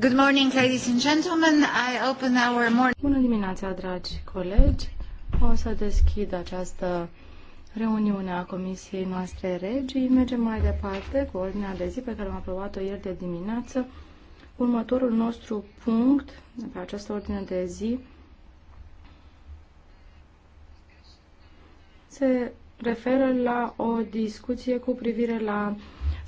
Good morning, ladies and gentlemen. I open our morning. Bună dimineața, dragi colegi. O să deschid această reuniune a comisiei noastre regii. Mergem mai departe cu ordinea de zi pe care am aprobat-o ieri de dimineață. Următorul nostru punct pe această ordine de zi se referă la o discuție cu privire la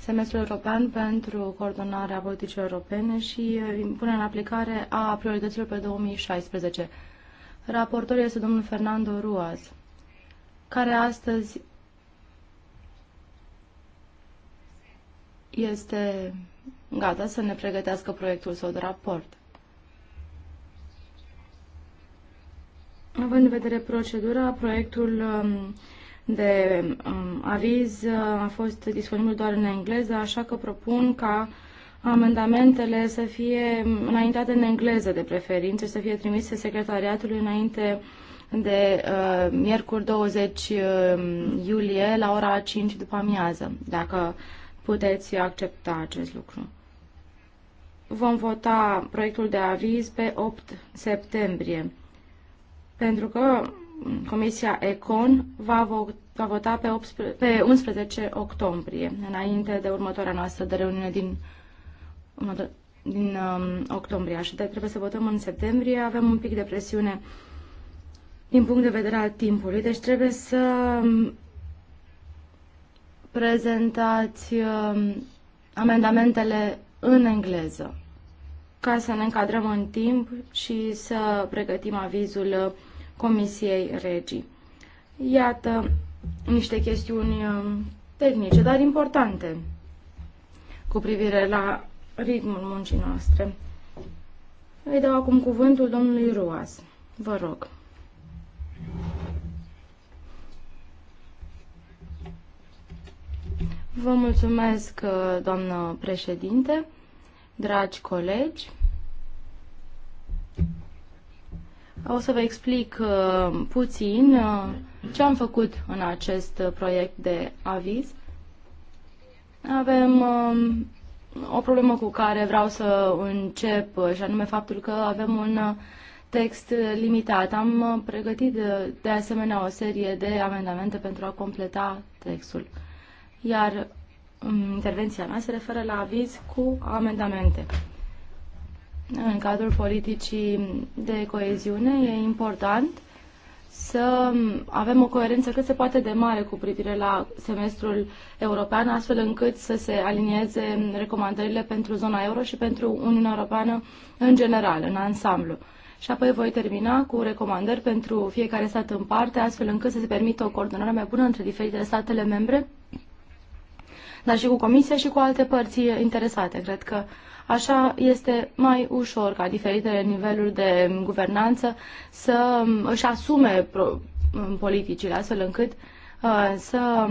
semestrul european pentru coordonarea politicilor europene și uh, punerea în aplicare a priorităților pe 2016. Raportor este domnul Fernando Ruaz, care astăzi este gata să ne pregătească proiectul său de raport. Având în vedere procedura, proiectul um, de um, aviz uh, a fost disponibil doar în engleză, așa că propun ca amendamentele să fie înaintate în engleză de preferință, să fie trimise secretariatului înainte de uh, miercuri 20 uh, iulie la ora 5 după amiază, dacă puteți accepta acest lucru. Vom vota proiectul de aviz pe 8 septembrie, pentru că Comisia Econ va, vo- va vota pe, 18, pe 11 octombrie, înainte de următoarea noastră de reuniune din, din um, octombrie. Așadar, trebuie să votăm în septembrie. Avem un pic de presiune din punct de vedere al timpului, deci trebuie să um, prezentați um, amendamentele în engleză ca să ne încadrăm în timp și să pregătim avizul uh, Comisiei Regii. Iată niște chestiuni uh, tehnice, dar importante cu privire la ritmul muncii noastre. Îi dau acum cuvântul domnului Ruas. Vă rog. Vă mulțumesc, uh, doamnă președinte, dragi colegi. O să vă explic uh, puțin uh, ce am făcut în acest proiect de aviz. Avem uh, o problemă cu care vreau să încep, uh, și anume faptul că avem un uh, text limitat. Am uh, pregătit de, de asemenea o serie de amendamente pentru a completa textul. Iar um, intervenția mea se referă la aviz cu amendamente în cadrul politicii de coeziune, e important să avem o coerență cât se poate de mare cu privire la semestrul european, astfel încât să se alinieze recomandările pentru zona euro și pentru Uniunea Europeană în general, în ansamblu. Și apoi voi termina cu recomandări pentru fiecare stat în parte, astfel încât să se permită o coordonare mai bună între diferitele statele membre, dar și cu Comisia și cu alte părți interesate. Cred că Așa este mai ușor ca diferitele niveluri de guvernanță să um, își asume um, politicile, astfel încât uh, să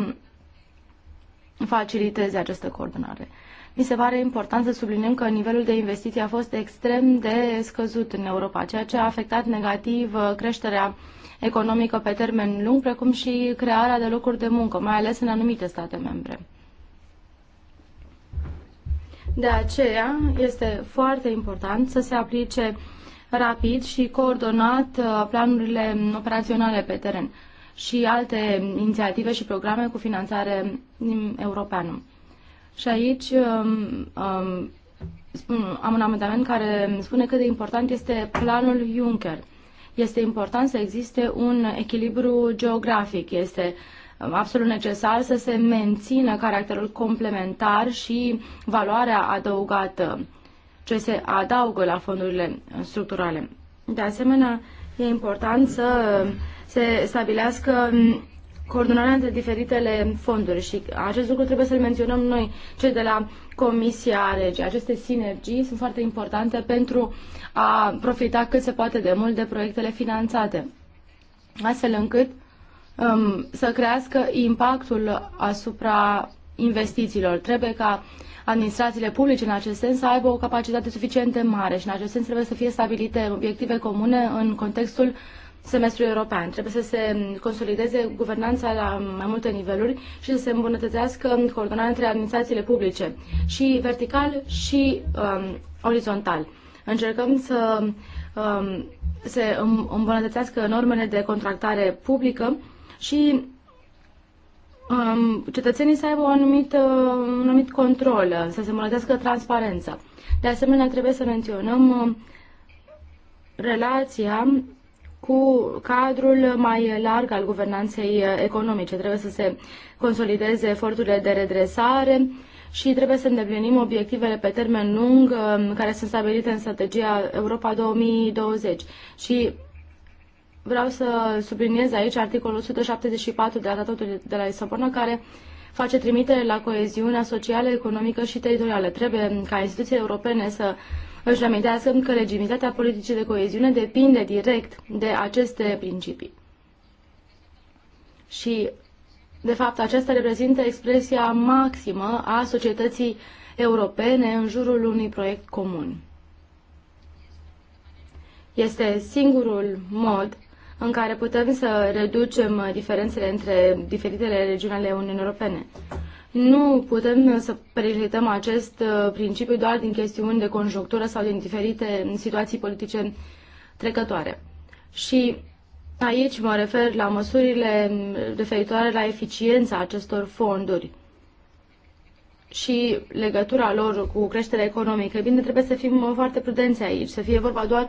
faciliteze această coordonare. Mi se pare important să subliniem că nivelul de investiții a fost extrem de scăzut în Europa, ceea ce a afectat negativ uh, creșterea economică pe termen lung, precum și crearea de locuri de muncă, mai ales în anumite state membre. De aceea este foarte important să se aplice rapid și coordonat uh, planurile operaționale pe teren și alte inițiative și programe cu finanțare europeană. Și aici um, um, spun, am un amendament care spune cât de important este planul Juncker. Este important să existe un echilibru geografic, este uh, absolut necesar să se mențină caracterul complementar și valoarea adăugată ce se adaugă la fondurile structurale. De asemenea, e important să se stabilească coordonarea între diferitele fonduri și acest lucru trebuie să-l menționăm noi, cei de la Comisia Regi. Aceste sinergii sunt foarte importante pentru a profita cât se poate de mult de proiectele finanțate, astfel încât um, să crească impactul asupra investițiilor. Trebuie ca administrațiile publice în acest sens să aibă o capacitate suficient de mare și în acest sens trebuie să fie stabilite obiective comune în contextul semestrului european. Trebuie să se consolideze guvernanța la mai multe niveluri și să se îmbunătățească coordonarea între administrațiile publice, și vertical și um, orizontal. Încercăm să um, se îmbunătățească normele de contractare publică și um, cetățenii să aibă o anumită, un anumit control, să se mărătească transparența. De asemenea, trebuie să menționăm um, relația cu cadrul mai larg al guvernanței economice. Trebuie să se consolideze eforturile de redresare și trebuie să îndeplinim obiectivele pe termen lung um, care sunt stabilite în strategia Europa 2020 și vreau să subliniez aici articolul 174 de la Tratatul de la Lisabona, care face trimitere la coeziunea socială, economică și teritorială. Trebuie ca instituții europene să își amintească că legitimitatea politicii de coeziune depinde direct de aceste principii. Și, de fapt, aceasta reprezintă expresia maximă a societății europene în jurul unui proiect comun. Este singurul mod în care putem să reducem uh, diferențele între diferitele regiuni ale Uniunii Europene. Nu putem uh, să prezentăm acest uh, principiu doar din chestiuni de conjunctură sau din diferite situații politice trecătoare. Și aici mă refer la măsurile referitoare la eficiența acestor fonduri și legătura lor cu creșterea economică. Bine, trebuie să fim foarte prudenți aici, să fie vorba doar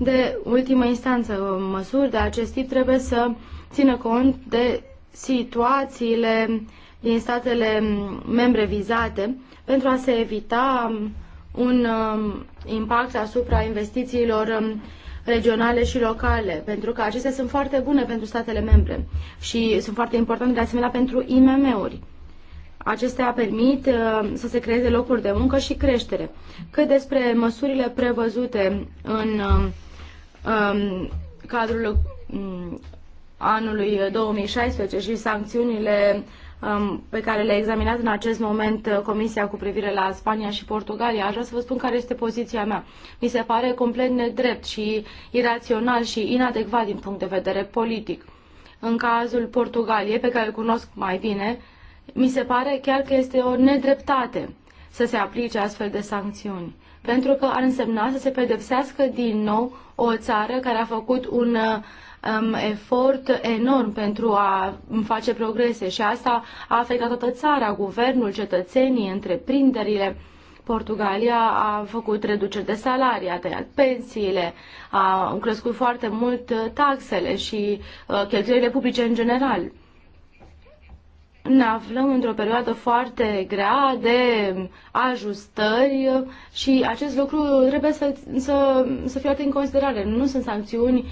de ultimă instanță. Uh, măsuri de acest tip trebuie să țină cont de situațiile din statele mm, membre vizate pentru a se evita mm, un mm, impact asupra investițiilor regionale și locale, pentru că acestea sunt foarte bune pentru statele membre și sunt foarte importante de asemenea pentru IMM-uri. Acestea permit uh, să se creeze locuri de muncă și creștere. Cât despre măsurile prevăzute în uh, um, cadrul um, anului 2016 uh, și sancțiunile um, pe care le examinat în acest moment uh, Comisia cu privire la Spania și Portugalia, aș vrea să vă spun care este poziția mea. Mi se pare complet nedrept și irațional și inadecvat din punct de vedere politic. În cazul Portugaliei, pe care îl cunosc mai bine, mi se pare chiar că este o nedreptate să se aplice astfel de sancțiuni pentru că ar însemna să se pedepsească din nou o țară care a făcut un um, efort enorm pentru a face progrese și asta a afectat toată țara, guvernul, cetățenii, întreprinderile. Portugalia a făcut reduceri de salarii, a tăiat pensiile, a crescut foarte mult taxele și uh, cheltuielile publice în general ne aflăm într-o perioadă foarte grea de ajustări și acest lucru trebuie să, să, să fie luat în considerare. Nu sunt sancțiuni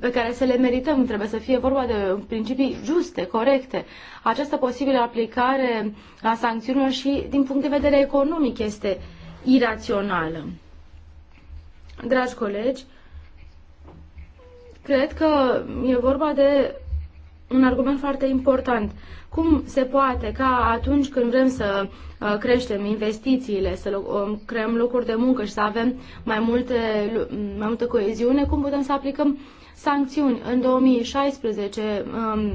pe care să le merităm, trebuie să fie vorba de principii juste, corecte. Această posibilă aplicare a sancțiunilor și din punct de vedere economic este irațională. Dragi colegi, cred că e vorba de un argument foarte important. Cum se poate ca atunci când vrem să uh, creștem investițiile, să um, creăm locuri de muncă și să avem mai, multe, mai multă coeziune, cum putem să aplicăm sancțiuni? În 2016, în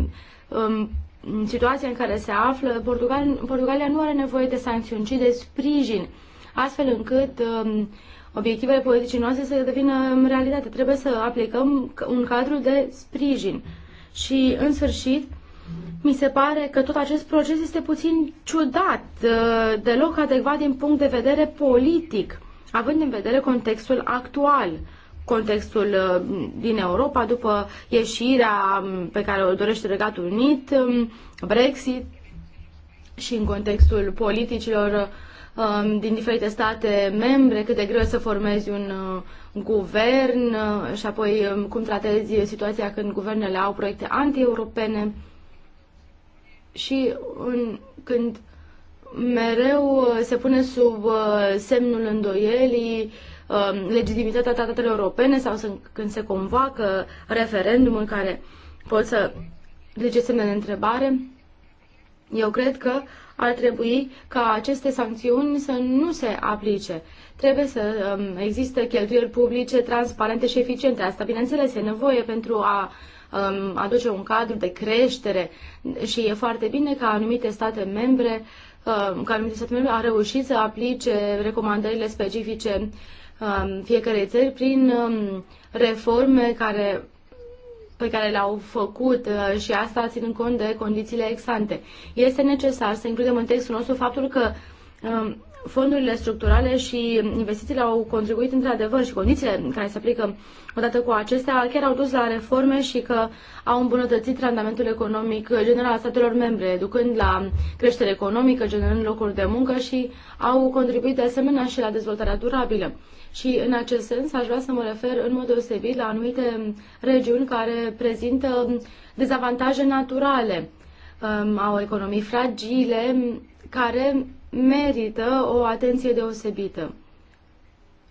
um, um, situația în care se află, Portugalia nu are nevoie de sancțiuni, ci de sprijin, astfel încât obiectivele politicii noastre să devină realitate. Trebuie să aplicăm un cadru de sprijin. Și, în sfârșit, mi se pare că tot acest proces este puțin ciudat, uh, deloc adecvat din punct de vedere politic, având în vedere contextul actual, contextul uh, din Europa după ieșirea um, pe care o dorește Regatul Unit, um, Brexit și în contextul politicilor um, din diferite state membre, cât de greu să formezi un uh, guvern uh, și apoi um, cum tratezi situația când guvernele au proiecte anti-europene și în, când mereu uh, se pune sub uh, semnul îndoielii um, legitimitatea tratatelor europene sau când se convoacă referendumul în care pot să lege semne de întrebare, eu cred că ar trebui ca aceste sancțiuni să nu se aplice. Trebuie să um, existe cheltuieli publice transparente și eficiente. Asta, bineînțeles, e nevoie pentru a um, aduce un cadru de creștere și e foarte bine ca anumite state membre um, ca anumite state membre a reușit să aplice recomandările specifice um, fiecarei țări prin um, reforme care pe care le-au făcut uh, și asta ținând cont de condițiile exante. Este necesar să includem în textul nostru faptul că um, fondurile structurale și investițiile au contribuit într-adevăr și condițiile care se aplică odată cu acestea chiar au dus la reforme și că au îmbunătățit randamentul economic general al statelor membre, ducând la creștere economică, generând locuri de muncă și au contribuit de asemenea și la dezvoltarea durabilă. Și în acest sens aș vrea să mă refer în mod deosebit la anumite regiuni care prezintă dezavantaje naturale, um, au economii fragile, care merită o atenție deosebită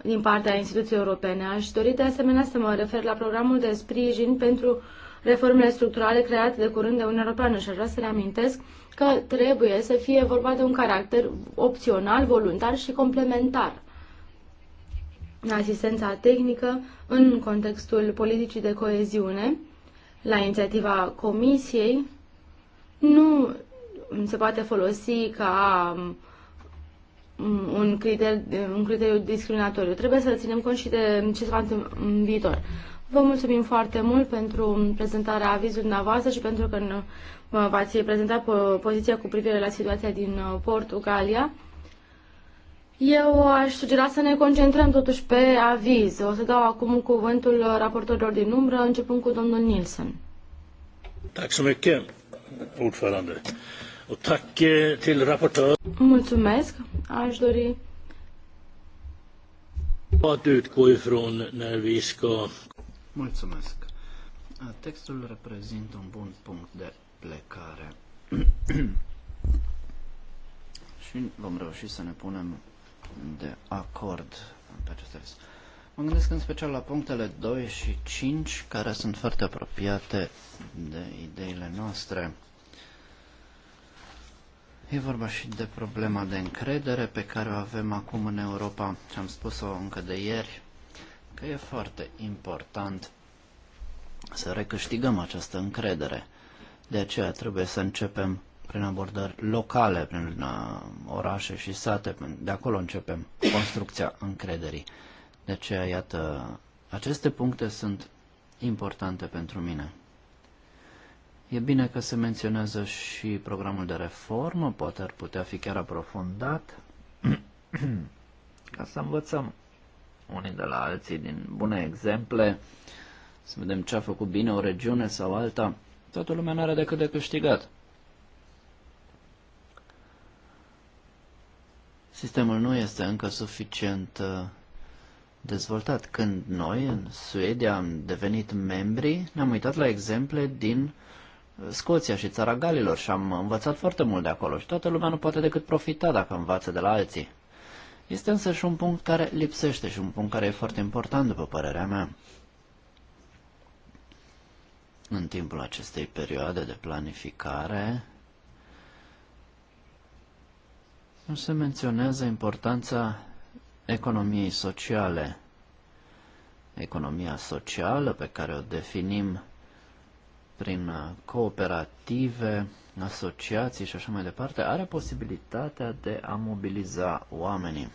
din partea instituției europene. Aș dori de asemenea să mă refer la programul de sprijin pentru reformele structurale create de curând de Uniunea Europeană și aș vrea să reamintesc că trebuie să fie vorba de un caracter opțional, voluntar și complementar asistența tehnică în contextul politicii de coeziune, la inițiativa Comisiei, nu se poate folosi ca mm, un, criteriu, un criteriu discriminatoriu. Trebuie să ținem cont și de ce se va întâmpla în viitor. Vă mulțumim foarte mult pentru prezentarea avizului dumneavoastră și pentru că v-ați prezentat poziția cu privire la situația din uh, Portugalia. Eu aș sugera să ne concentrăm totuși pe aviz. O să dau acum cuvântul raportorilor din umbră, începând cu domnul Nilsson. Eh, Mulțumesc. Aș dori Mulțumesc. Textul reprezintă un bun punct de plecare. și vom reuși să ne punem de acord pe acest text. Mă gândesc în special la punctele 2 și 5, care sunt foarte apropiate de ideile noastre. E vorba și de problema de încredere pe care o avem acum în Europa, și am spus-o încă de ieri, că e foarte important să recâștigăm această încredere. De aceea trebuie să începem prin abordări locale, prin uh, orașe și sate. De acolo începem construcția încrederii. De deci, aceea, iată, aceste puncte sunt importante pentru mine. E bine că se menționează și programul de reformă, poate ar putea fi chiar aprofundat, ca să învățăm unii de la alții din bune exemple, să vedem ce a făcut bine o regiune sau alta. Toată lumea nu are decât de câștigat. Sistemul nu este încă suficient uh, dezvoltat. Când noi, în Suedia, am devenit membri, ne-am uitat la exemple din uh, Scoția și țara Galilor și am învățat foarte mult de acolo și toată lumea nu poate decât profita dacă învață de la alții. Este însă și un punct care lipsește și un punct care e foarte important, după părerea mea. În timpul acestei perioade de planificare, Nu se menționează importanța economiei sociale. Economia socială pe care o definim prin cooperative, asociații și așa mai departe, are posibilitatea de a mobiliza oamenii.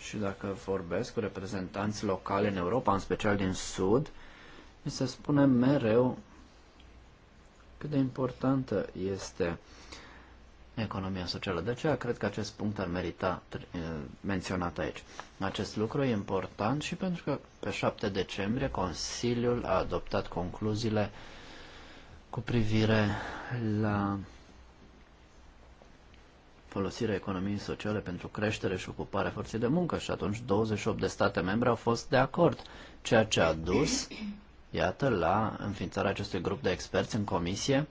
Și dacă vorbesc cu reprezentanți locale în Europa, în special din Sud, mi se spune mereu cât de importantă este economia socială. De aceea cred că acest punct ar merita eh, menționat aici. Acest lucru e important și pentru că pe 7 decembrie Consiliul a adoptat concluziile cu privire la folosirea economiei sociale pentru creștere și ocuparea forței de muncă și atunci 28 de state membre au fost de acord, ceea ce a dus iată, la înființarea acestui grup de experți în comisie,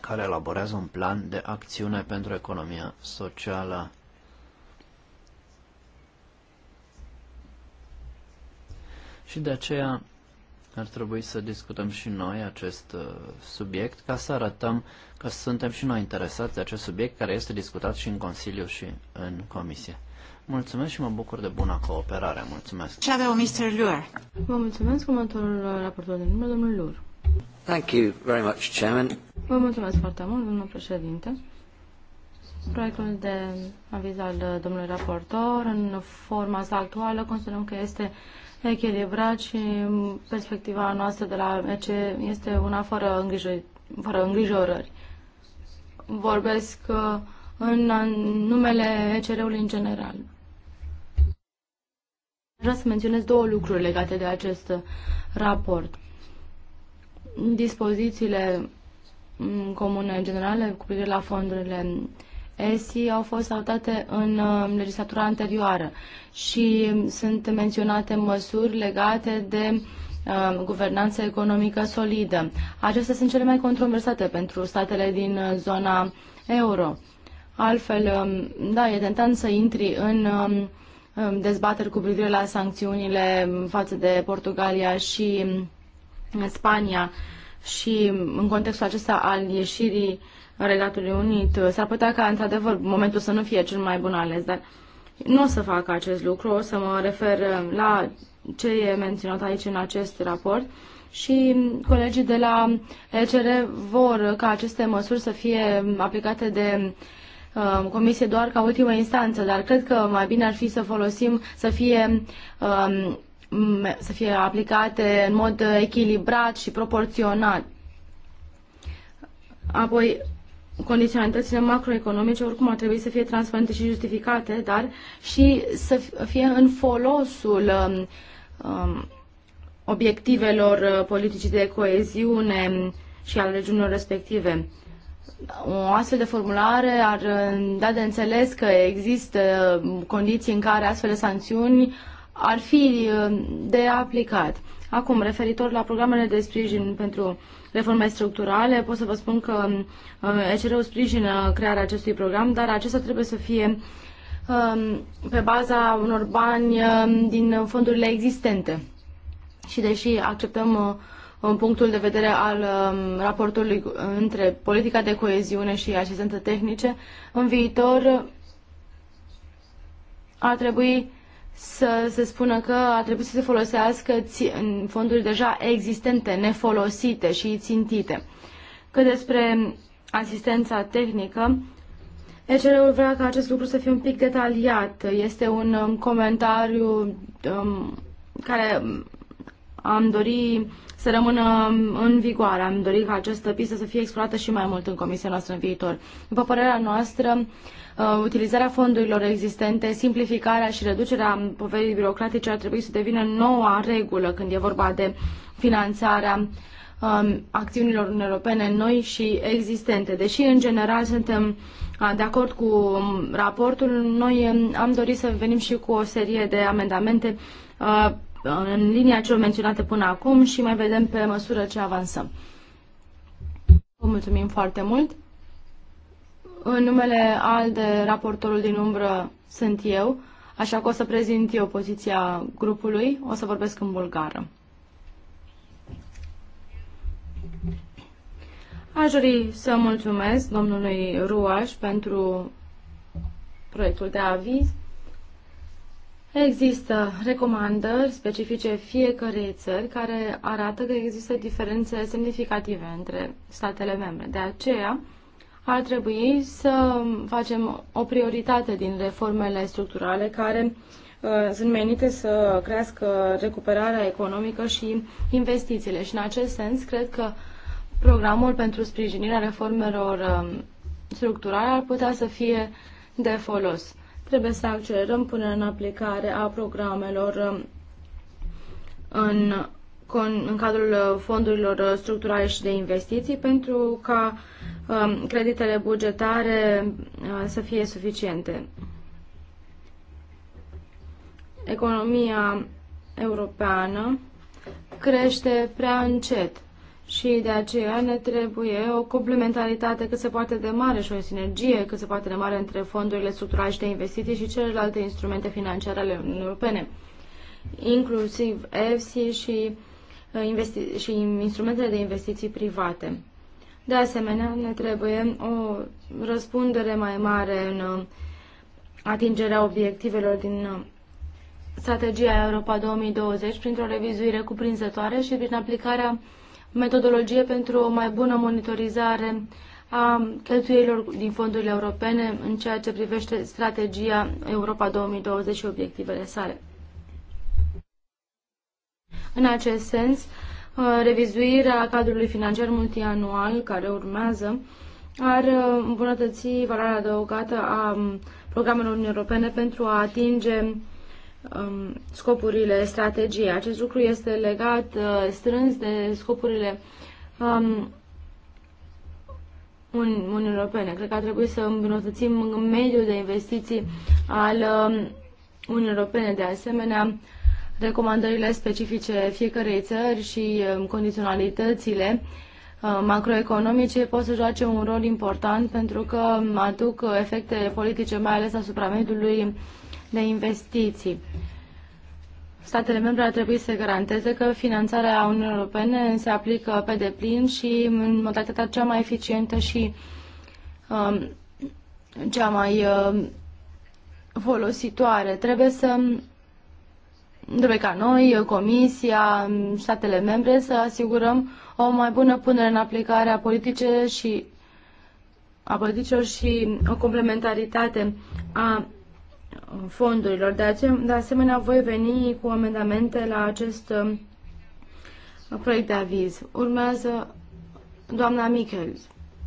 care elaborează un plan de acțiune pentru economia socială. Și de aceea ar trebui să discutăm și noi acest uh, subiect ca să arătăm că suntem și noi interesați de acest subiect care este discutat și în Consiliu și în Comisie. Mulțumesc și mă bucur de buna cooperare. Mulțumesc. Ce avea, Mr. Lur. Vă mulțumesc. Următorul uh, raportor de număr, domnul Lur. Thank you very much, Chairman. Vă mulțumesc foarte mult, domnul președinte. Proiectul de aviz al uh, domnului raportor, în forma sa actuală, considerăm că este echilibrat și perspectiva noastră de la MC este una fără, îngrijor, fără îngrijorări. Vorbesc uh, în numele ECR-ului în general. Vreau să menționez două lucruri legate de acest raport. Dispozițiile mm, comune generale cu privire la fondurile ESI au fost adoptate în um, legislatura anterioară și sunt menționate măsuri legate de um, guvernanță economică solidă. Acestea sunt cele mai controversate pentru statele din uh, zona euro. Altfel, um, da, e tentant să intri în dezbateri cu privire la sancțiunile față de Portugalia și Spania și în contextul acesta al ieșirii Regatului Unit, s-ar putea ca, într-adevăr, momentul să nu fie cel mai bun ales, dar nu o să fac acest lucru, o să mă refer uh, la ce e menționat aici în acest raport și colegii de la ECR vor ca aceste măsuri să fie aplicate de uh, comisie doar ca ultimă instanță, dar cred că mai bine ar fi să folosim, să fie um, să fie aplicate în mod echilibrat și proporțional. Apoi, condiționalitățile macroeconomice oricum ar trebui să fie transparente și justificate, dar și să fie în folosul um, um obiectivelor uh, politicii de coeziune și al regiunilor respective. O astfel de formulare ar uh, da de înțeles că există uh, condiții în care astfel de sancțiuni uh, ar fi uh, de aplicat. Acum, referitor la programele de sprijin pentru reforme structurale, pot să vă spun că uh, ECR-ul sprijină crearea acestui program, dar acesta trebuie să fie um, pe baza unor bani um, din fondurile existente. Și deși acceptăm uh, în punctul de vedere al um, raportului între politica de coeziune și asistență tehnice, în viitor ar trebui să se spună că ar trebui să se folosească fonduri deja existente, nefolosite și țintite. Că despre asistența tehnică, ECR-ul vrea ca acest lucru să fie un pic detaliat. Este un um, comentariu um, care um, am dori să rămână um, în vigoare. Am dorit ca această pistă să fie explorată și mai mult în comisia noastră în viitor. După părerea noastră, uh, Uh, utilizarea fondurilor existente, simplificarea și reducerea poverii birocratice ar trebui să devină noua regulă când e vorba de finanțarea um, acțiunilor europene noi și existente. Deși, în general, suntem uh, de acord cu um, raportul, noi um, am dorit să venim și cu o serie de amendamente uh, în linia celor menționate până acum și mai vedem pe măsură ce avansăm. Vă mulțumim foarte mult! În numele al de raportorul din umbră sunt eu, așa că o să prezint eu poziția grupului, o să vorbesc în bulgară. Aș dori să mulțumesc domnului Ruaș pentru proiectul de aviz. Există recomandări specifice fiecărei țări care arată că există diferențe semnificative între statele membre. De aceea, ar trebui să facem o prioritate din reformele structurale care uh, sunt menite să crească recuperarea economică și investițiile. Și în acest sens, cred că programul pentru sprijinirea reformelor um, structurale ar putea să fie de folos. Trebuie să accelerăm punerea în aplicare a programelor um, în în cadrul uh, fondurilor uh, structurale și de investiții pentru ca um, creditele bugetare uh, să fie suficiente. Economia europeană crește prea încet și de aceea ne trebuie o complementaritate cât se poate de mare și o sinergie cât se poate de mare între fondurile structurale și de investiții și celelalte instrumente financiare ale Uniunii Europene, inclusiv EFSI și uh, Uh, și instrumentele de investiții private. De asemenea, ne trebuie o răspundere mai mare în uh, atingerea obiectivelor din uh, strategia Europa 2020 printr-o revizuire cuprinzătoare și prin aplicarea metodologie pentru o mai bună monitorizare a cheltuielilor din fondurile europene în ceea ce privește strategia Europa 2020 și obiectivele sale. În acest sens, uh, revizuirea cadrului financiar multianual care urmează ar uh, îmbunătăți valoarea adăugată a um, programelor Uniunii Europene pentru a atinge um, scopurile strategiei. Acest lucru este legat uh, strâns de scopurile um, Uniunii Europene. Cred că ar trebui să îmbunătățim mediul de investiții al Uniunii Europene. De asemenea, recomandările specifice fiecarei țări și um, condiționalitățile uh, macroeconomice pot să joace un rol important pentru că um, aduc efecte politice, mai ales asupra mediului de investiții. Statele membre ar trebui să garanteze că finanțarea Uniunii Europene se aplică pe deplin și în modalitatea cea mai eficientă și um, cea mai um, folositoare. Trebuie să um, Trebuie ca noi, Comisia, statele membre să asigurăm o mai bună punere în aplicare a politice și a politicilor și o complementaritate a fondurilor. De, ace- de asemenea, voi veni cu amendamente la acest um, proiect de aviz. Urmează doamna Michel.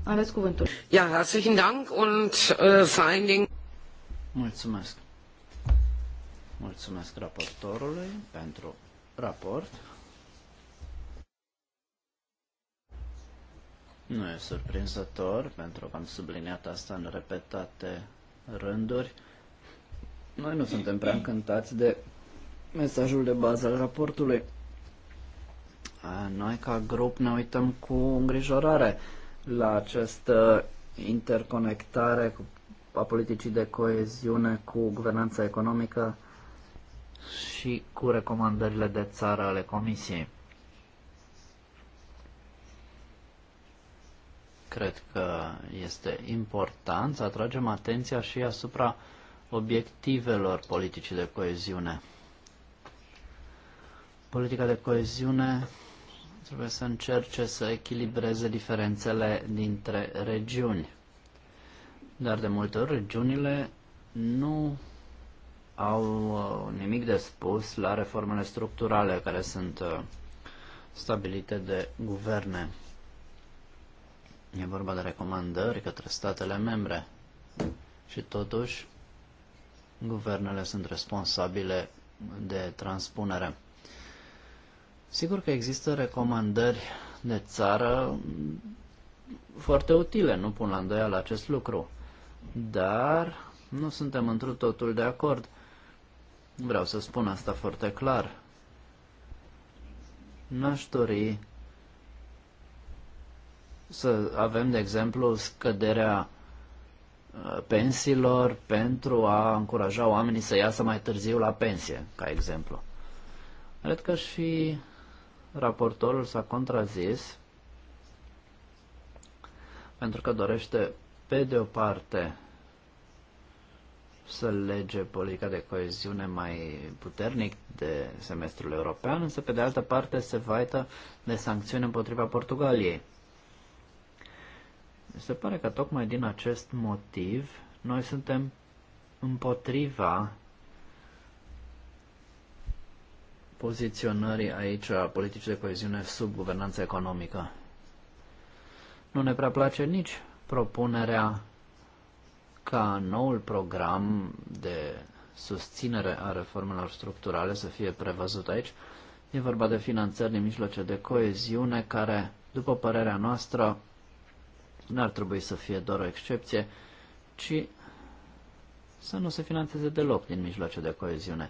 Aveți cuvântul. Ja, herzlichen Dank und äh, vor allen Dingen Mulțumesc. Mulțumesc raportorului pentru raport. Nu e surprinzător, pentru că am subliniat asta în repetate rânduri. Noi nu suntem prea încântați de mesajul de bază al raportului. Noi, ca grup, ne uităm cu îngrijorare la această interconectare a politicii de coeziune cu guvernanța economică și cu recomandările de țară ale Comisiei. Cred că este important să atragem atenția și asupra obiectivelor politicii de coeziune. Politica de coeziune trebuie să încerce să echilibreze diferențele dintre regiuni. Dar de multe ori regiunile nu au uh, nimic de spus la reformele structurale care sunt uh, stabilite de guverne. E vorba de recomandări către statele membre și totuși guvernele sunt responsabile de transpunere. Sigur că există recomandări de țară foarte utile, nu pun la îndoială acest lucru, dar nu suntem într totul de acord Vreau să spun asta foarte clar. N-aș dori să avem, de exemplu, scăderea uh, pensiilor pentru a încuraja oamenii să iasă mai târziu la pensie, ca exemplu. Cred că și raportorul s-a contrazis pentru că dorește, pe de o parte, să lege politica de coeziune mai puternic de semestrul european, însă pe de altă parte se vaită de sancțiuni împotriva Portugaliei. se pare că tocmai din acest motiv noi suntem împotriva poziționării aici a politicii de coeziune sub guvernanță economică. Nu ne prea place nici propunerea ca noul program de susținere a reformelor structurale să fie prevăzut aici. E vorba de finanțări din mijloace de coeziune care, după părerea noastră, nu ar trebui să fie doar o excepție, ci să nu se finanțeze deloc din mijloace de coeziune.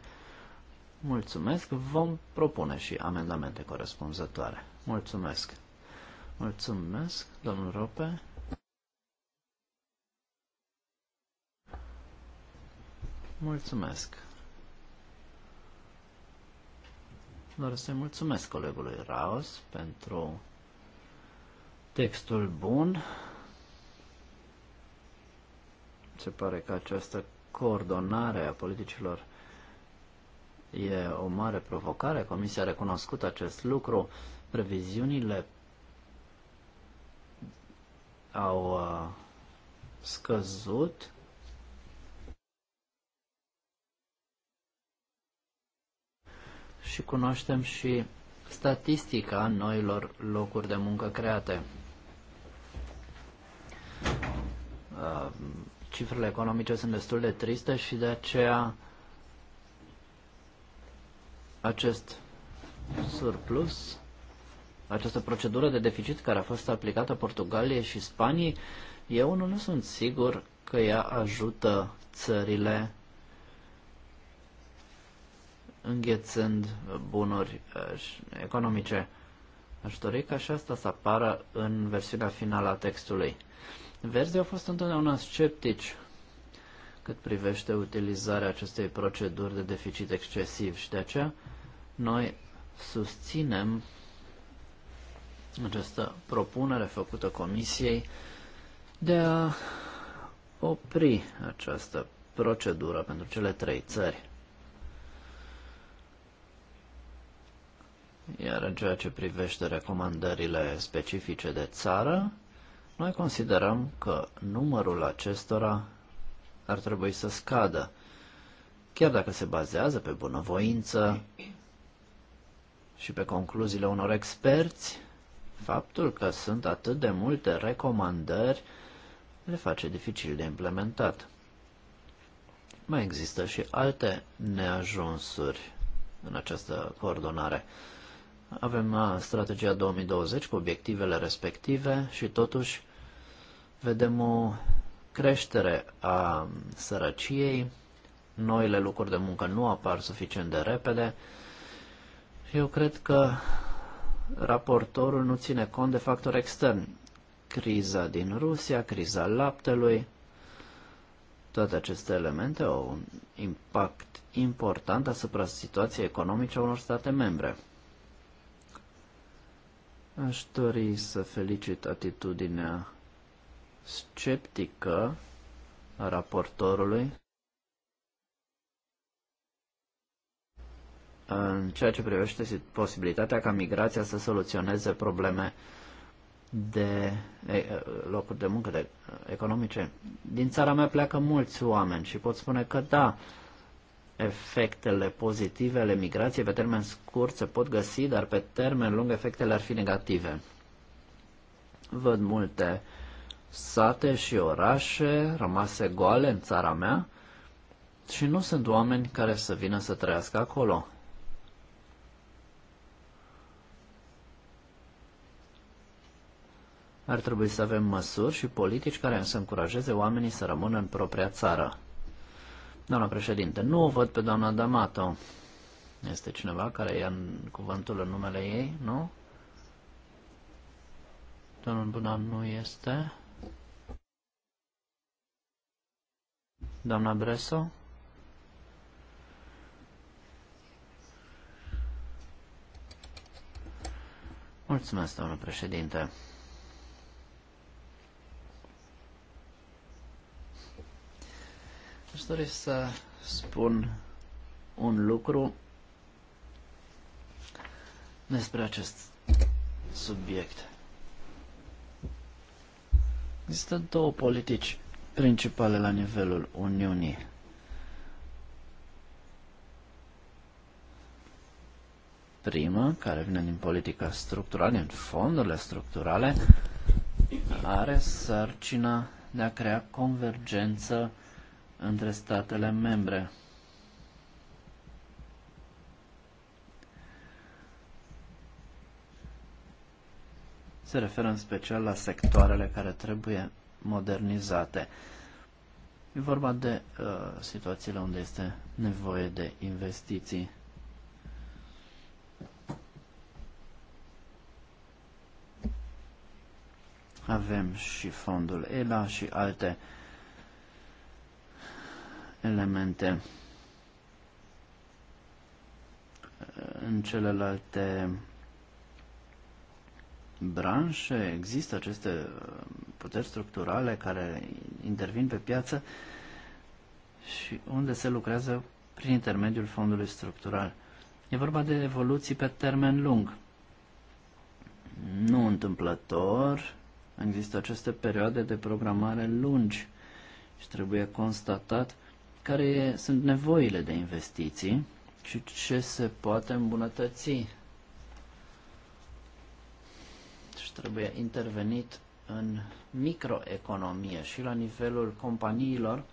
Mulțumesc, vom propune și amendamente corespunzătoare. Mulțumesc. Mulțumesc, domnul Rope. Mulțumesc. Doar să mulțumesc colegului Raos pentru textul bun. Se pare că această coordonare a politicilor e o mare provocare. Comisia a recunoscut acest lucru. Previziunile au uh, scăzut și cunoaștem și statistica noilor locuri de muncă create. Uh, cifrele economice sunt destul de triste și de aceea acest surplus, această procedură de deficit care a fost aplicată Portugaliei și Spaniei, eu nu, nu sunt sigur că ea ajută țările înghețând bunuri uh, economice. Aș dori ca și asta să apară în versiunea finală a textului. Verzii au fost întotdeauna sceptici cât privește utilizarea acestei proceduri de deficit excesiv și de aceea noi susținem această propunere făcută Comisiei de a opri această procedură pentru cele trei țări. Iar în ceea ce privește recomandările specifice de țară, noi considerăm că numărul acestora ar trebui să scadă, chiar dacă se bazează pe bunăvoință și pe concluziile unor experți, faptul că sunt atât de multe recomandări le face dificil de implementat. Mai există și alte neajunsuri în această coordonare. Avem strategia 2020 cu obiectivele respective și totuși vedem o creștere a sărăciei, noile lucruri de muncă nu apar suficient de repede. Eu cred că raportorul nu ține cont de factori externi. Criza din Rusia, criza laptelui, toate aceste elemente au un impact important asupra situației economice a unor state membre. Aș dori să felicit atitudinea sceptică a raportorului în ceea ce privește posibilitatea ca migrația să soluționeze probleme de locuri de muncă de, economice. Din țara mea pleacă mulți oameni și pot spune că da, efectele pozitive ale migrației pe termen scurt se pot găsi, dar pe termen lung efectele ar fi negative. Văd multe sate și orașe rămase goale în țara mea și nu sunt oameni care să vină să trăiască acolo. Ar trebui să avem măsuri și politici care să încurajeze oamenii să rămână în propria țară. Doamna președinte, nu o văd pe doamna D'Amato. Este cineva care ia cuvântul în numele ei, nu? Domnul Bunan nu este. Doamna Breso? Mulțumesc, domnul președinte. Aș dori să spun un lucru despre acest subiect. Există două politici principale la nivelul Uniunii. Prima, care vine din politica structurală, din fondurile structurale, are sarcina de a crea convergență între statele membre. Se referă în special la sectoarele care trebuie modernizate. E vorba de uh, situațiile unde este nevoie de investiții. Avem și fondul ELA și alte uh, elemente. În celelalte branșe există aceste uh, puteri structurale care intervin pe piață și unde se lucrează prin intermediul fondului structural. E vorba de evoluții pe termen lung. Nu întâmplător, există aceste perioade de programare lungi și trebuie constatat care sunt nevoile de investiții și ce se poate îmbunătăți. Și deci trebuie intervenit în microeconomie și la nivelul companiilor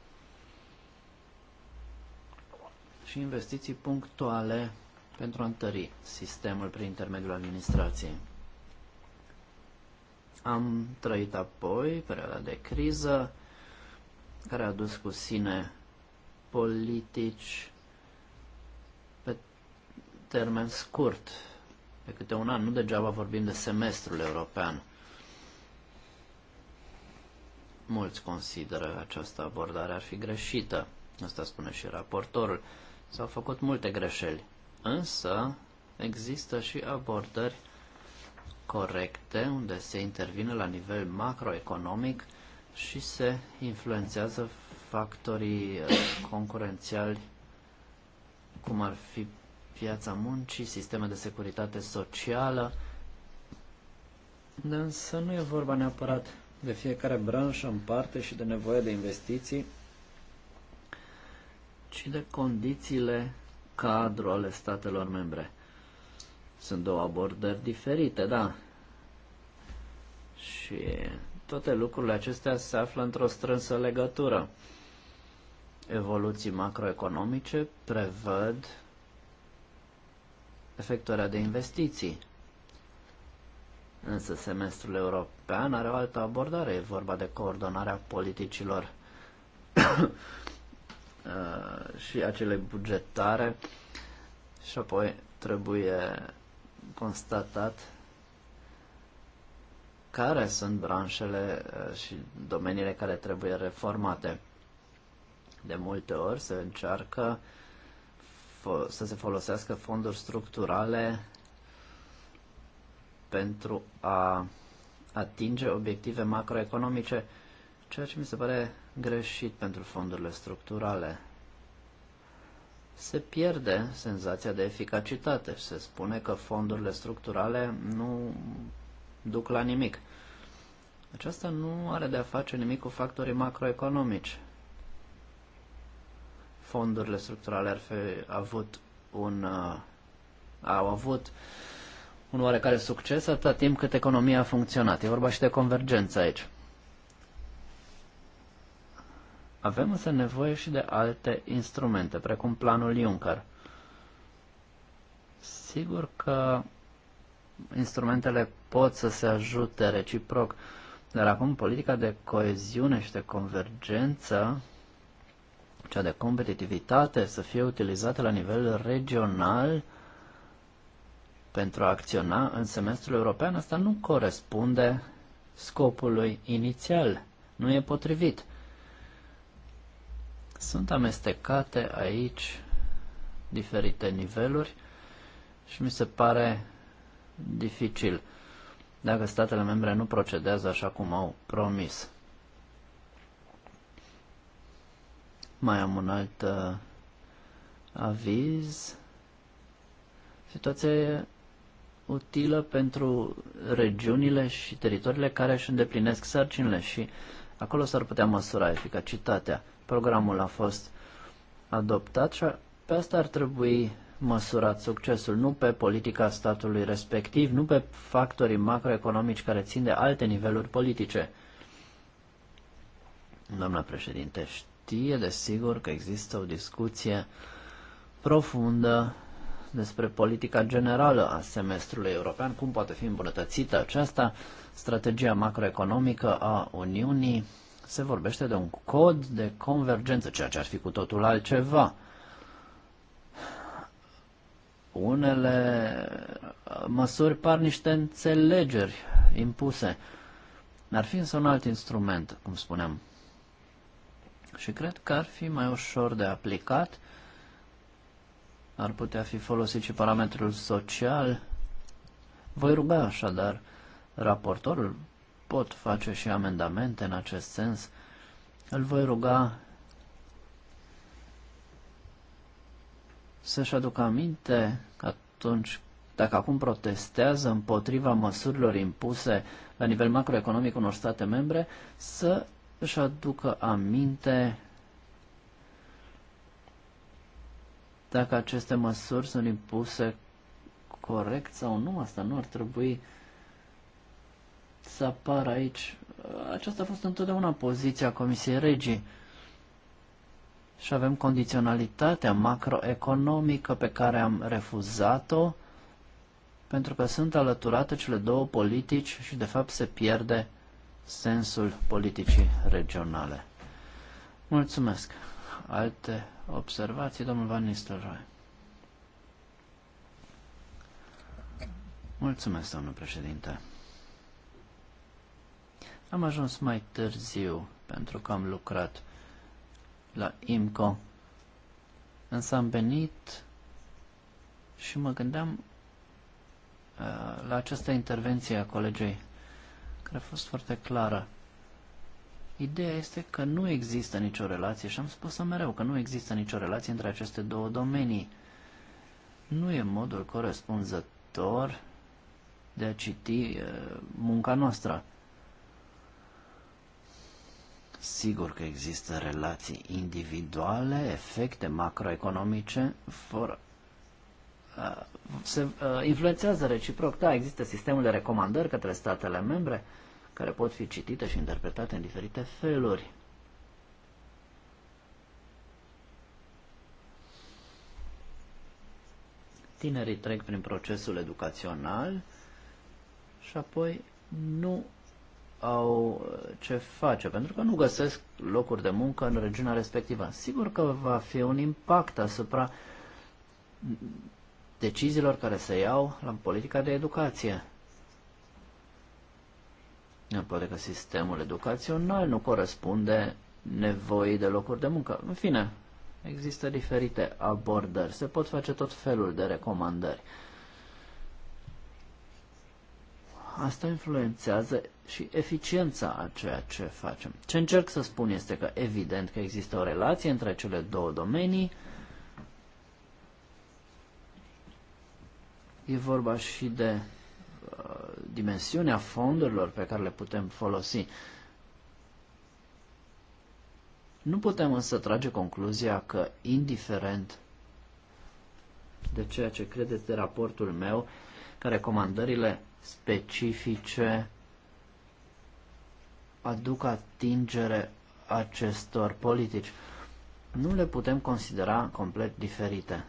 și investiții punctuale pentru a întări sistemul prin intermediul administrației. Am trăit apoi perioada de criză care a dus cu sine politici pe termen scurt, pe câte un an. Nu degeaba vorbim de semestrul european. Mulți consideră că această abordare ar fi greșită. Asta spune și raportorul. S-au făcut multe greșeli. Însă există și abordări corecte unde se intervine la nivel macroeconomic și se influențează factorii uh, concurențiali, cum ar fi piața muncii, sisteme de securitate socială, de însă nu e vorba neapărat de fiecare branșă în parte și de nevoie de investiții, ci de condițiile cadru ale statelor membre. Sunt două abordări diferite, da. Și toate lucrurile acestea se află într-o strânsă legătură evoluții macroeconomice prevăd efectuarea de investiții. Însă semestrul european are o altă abordare, e vorba de coordonarea politicilor uh, și acele bugetare și apoi trebuie constatat care sunt branșele uh, și domeniile care trebuie reformate de multe ori se încearcă să se folosească fonduri structurale pentru a atinge obiective macroeconomice, ceea ce mi se pare greșit pentru fondurile structurale. Se pierde senzația de eficacitate și se spune că fondurile structurale nu duc la nimic. Aceasta nu are de a face nimic cu factorii macroeconomici fondurile structurale ar fi avut un, uh, au avut un oarecare succes atâta timp cât economia a funcționat. E vorba și de convergență aici. Avem însă nevoie și de alte instrumente, precum planul Juncker. Sigur că instrumentele pot să se ajute reciproc, dar acum politica de coeziune și de convergență cea de competitivitate, să fie utilizată la nivel regional pentru a acționa în semestrul european, asta nu corespunde scopului inițial, nu e potrivit. Sunt amestecate aici diferite niveluri și mi se pare dificil dacă statele membre nu procedează așa cum au promis. Mai am un alt uh, aviz. Situația e utilă pentru regiunile și teritoriile care își îndeplinesc sarcinile și acolo s-ar putea măsura eficacitatea. Programul a fost adoptat și pe asta ar trebui măsurat succesul, nu pe politica statului respectiv, nu pe factorii macroeconomici care țin de alte niveluri politice. Doamna președinte, știe desigur că există o discuție profundă despre politica generală a semestrului european, cum poate fi îmbunătățită aceasta, strategia macroeconomică a Uniunii, se vorbește de un cod de convergență, ceea ce ar fi cu totul altceva. Unele măsuri par niște înțelegeri impuse. Ar fi însă un alt instrument, cum spuneam și cred că ar fi mai ușor de aplicat. Ar putea fi folosit și parametrul social. Voi ruga așadar raportorul, pot face și amendamente în acest sens, îl voi ruga să-și aducă aminte că atunci, dacă acum protestează împotriva măsurilor impuse la nivel macroeconomic unor state membre, să își aducă aminte dacă aceste măsuri sunt impuse corect sau nu, asta nu ar trebui să apară aici. Aceasta a fost întotdeauna poziția Comisiei Regii. Și avem condiționalitatea macroeconomică pe care am refuzat-o pentru că sunt alăturate cele două politici și de fapt se pierde sensul politicii regionale. Mulțumesc. Alte observații, domnul Van Nistelrooy? Mulțumesc, domnul președinte. Am ajuns mai târziu pentru că am lucrat la IMCO, însă am venit și mă gândeam uh, la această intervenție a colegei care a fost foarte clară. Ideea este că nu există nicio relație și am spus-o mereu că nu există nicio relație între aceste două domenii. Nu e modul corespunzător de a citi munca noastră. Sigur că există relații individuale, efecte macroeconomice, fără Uh, se uh, influențează reciproc. Da, există sistemul de recomandări către statele membre care pot fi citite și interpretate în diferite feluri. Tinerii trec prin procesul educațional și apoi nu au ce face, pentru că nu găsesc locuri de muncă în regiunea respectivă. Sigur că va fi un impact asupra deciziilor care se iau la politica de educație. Poate că sistemul educațional nu corespunde nevoii de locuri de muncă. În fine, există diferite abordări. Se pot face tot felul de recomandări. Asta influențează și eficiența a ceea ce facem. Ce încerc să spun este că evident că există o relație între cele două domenii, E vorba și de uh, dimensiunea fondurilor pe care le putem folosi. Nu putem însă trage concluzia că, indiferent de ceea ce credeți de raportul meu, că recomandările specifice aduc atingere acestor politici. Nu le putem considera complet diferite.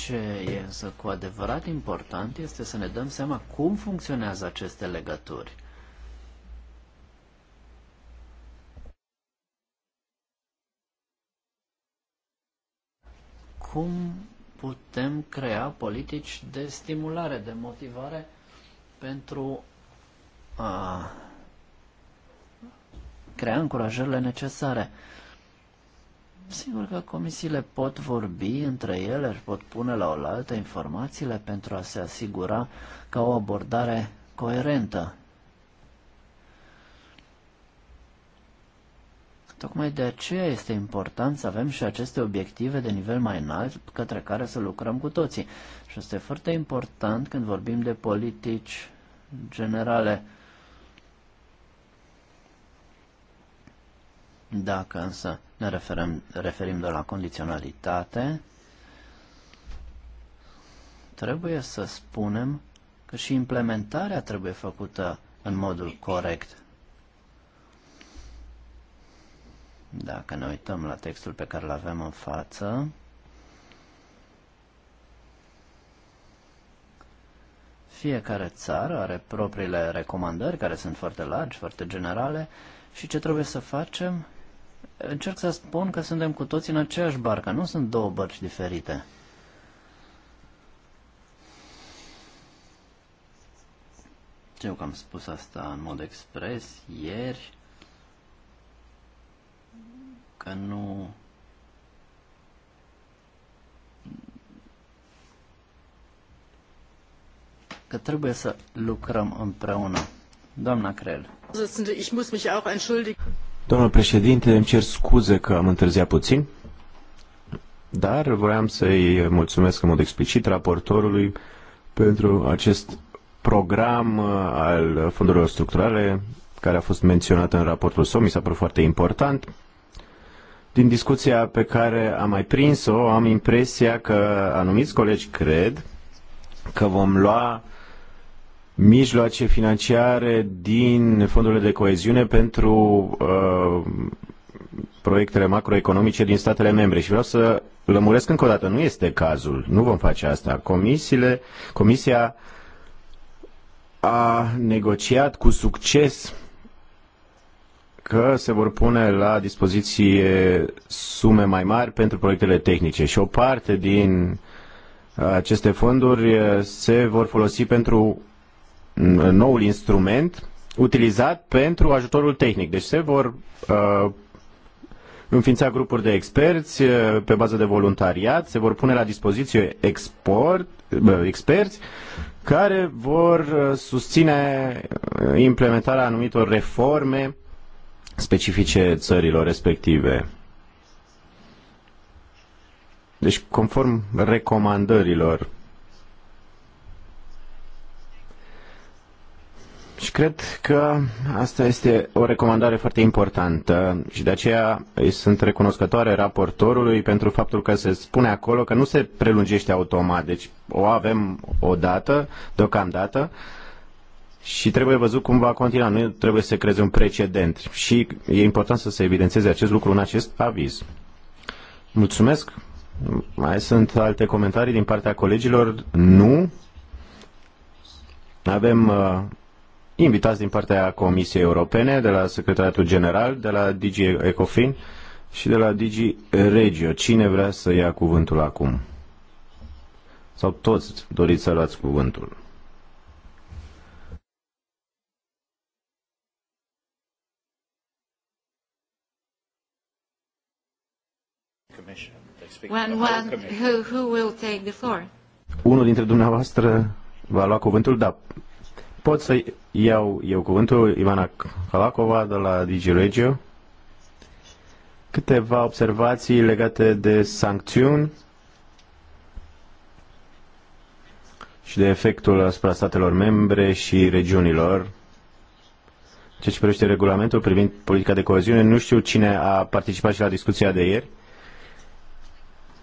Ce e însă cu adevărat important este să ne dăm seama cum funcționează aceste legături. Cum putem crea politici de stimulare, de motivare pentru a crea încurajările necesare. Sigur că comisiile pot vorbi între ele și pot pune la oaltă informațiile pentru a se asigura că o abordare coerentă. Tocmai de aceea este important să avem și aceste obiective de nivel mai înalt către care să lucrăm cu toții. Și este foarte important când vorbim de politici generale. Dacă însă ne referim, referim doar la condiționalitate, trebuie să spunem că și implementarea trebuie făcută în modul corect. Dacă ne uităm la textul pe care îl avem în față, fiecare țară are propriile recomandări, care sunt foarte largi, foarte generale, și ce trebuie să facem încerc să spun că suntem cu toții în aceeași barcă, nu sunt două bărci diferite. Știu că am spus asta în mod expres ieri, că nu că trebuie să lucrăm împreună. Doamna Crel. Domnul președinte, îmi cer scuze că am întârziat puțin, dar vreau să-i mulțumesc în mod explicit raportorului pentru acest program uh, al fondurilor structurale care a fost menționat în raportul său, mi s-a părut foarte important. Din discuția pe care am mai prins-o, am impresia că anumiți colegi cred că vom lua mijloace financiare din fondurile de coeziune pentru uh, proiectele macroeconomice din statele membre. Și vreau să lămuresc încă o dată, nu este cazul, nu vom face asta. Comisiile, comisia a negociat cu succes că se vor pune la dispoziție sume mai mari pentru proiectele tehnice și o parte din aceste fonduri se vor folosi pentru noul instrument utilizat pentru ajutorul tehnic. Deci se vor uh, înființa grupuri de experți uh, pe bază de voluntariat, se vor pune la dispoziție export, uh, experți care vor uh, susține uh, implementarea anumitor reforme specifice țărilor respective. Deci, conform recomandărilor Și cred că asta este o recomandare foarte importantă și de aceea îi sunt recunoscătoare raportorului pentru faptul că se spune acolo că nu se prelungește automat, deci o avem o dată, deocamdată, și trebuie văzut cum va continua, nu trebuie să creeze un precedent și e important să se evidențeze acest lucru în acest aviz. Mulțumesc! Mai sunt alte comentarii din partea colegilor? Nu? Avem uh, invitați din partea Comisiei Europene, de la Secretariatul General, de la DG Ecofin și de la DG Regio. Cine vrea să ia cuvântul acum? Sau toți doriți să luați cuvântul? who, who will take the floor? Unul dintre dumneavoastră va lua cuvântul, da, Pot să iau eu cuvântul, Ivana Kalakova de la DigiRegio. Câteva observații legate de sancțiuni și de efectul asupra statelor membre și regiunilor. Ce ce privește regulamentul privind politica de coeziune, nu știu cine a participat și la discuția de ieri.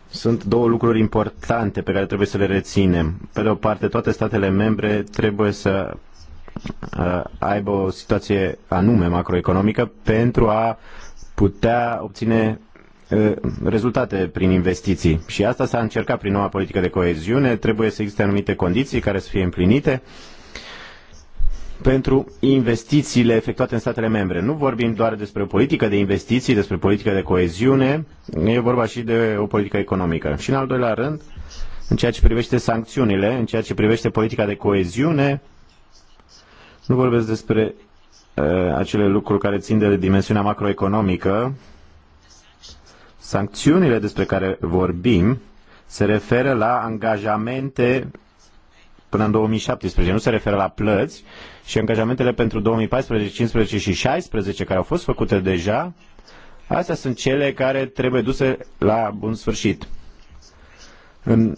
Sunt două lucruri importante pe care trebuie să le reținem. Pe de o parte, toate statele membre trebuie să Uh, aibă o situație anume macroeconomică pentru a putea obține uh, rezultate prin investiții. Și asta s-a încercat prin noua politică de coeziune. Trebuie să existe anumite condiții care să fie împlinite pentru investițiile efectuate în statele membre. Nu vorbim doar despre o politică de investiții, despre politică de coeziune, e vorba și de o politică economică. Și în al doilea rând, în ceea ce privește sancțiunile, în ceea ce privește politica de coeziune, nu vorbesc despre uh, acele lucruri care țin de dimensiunea macroeconomică. Sancțiunile despre care vorbim se referă la angajamente până în 2017, nu se referă la plăți și angajamentele pentru 2014, 15 și 16 care au fost făcute deja, astea sunt cele care trebuie duse la bun sfârșit. În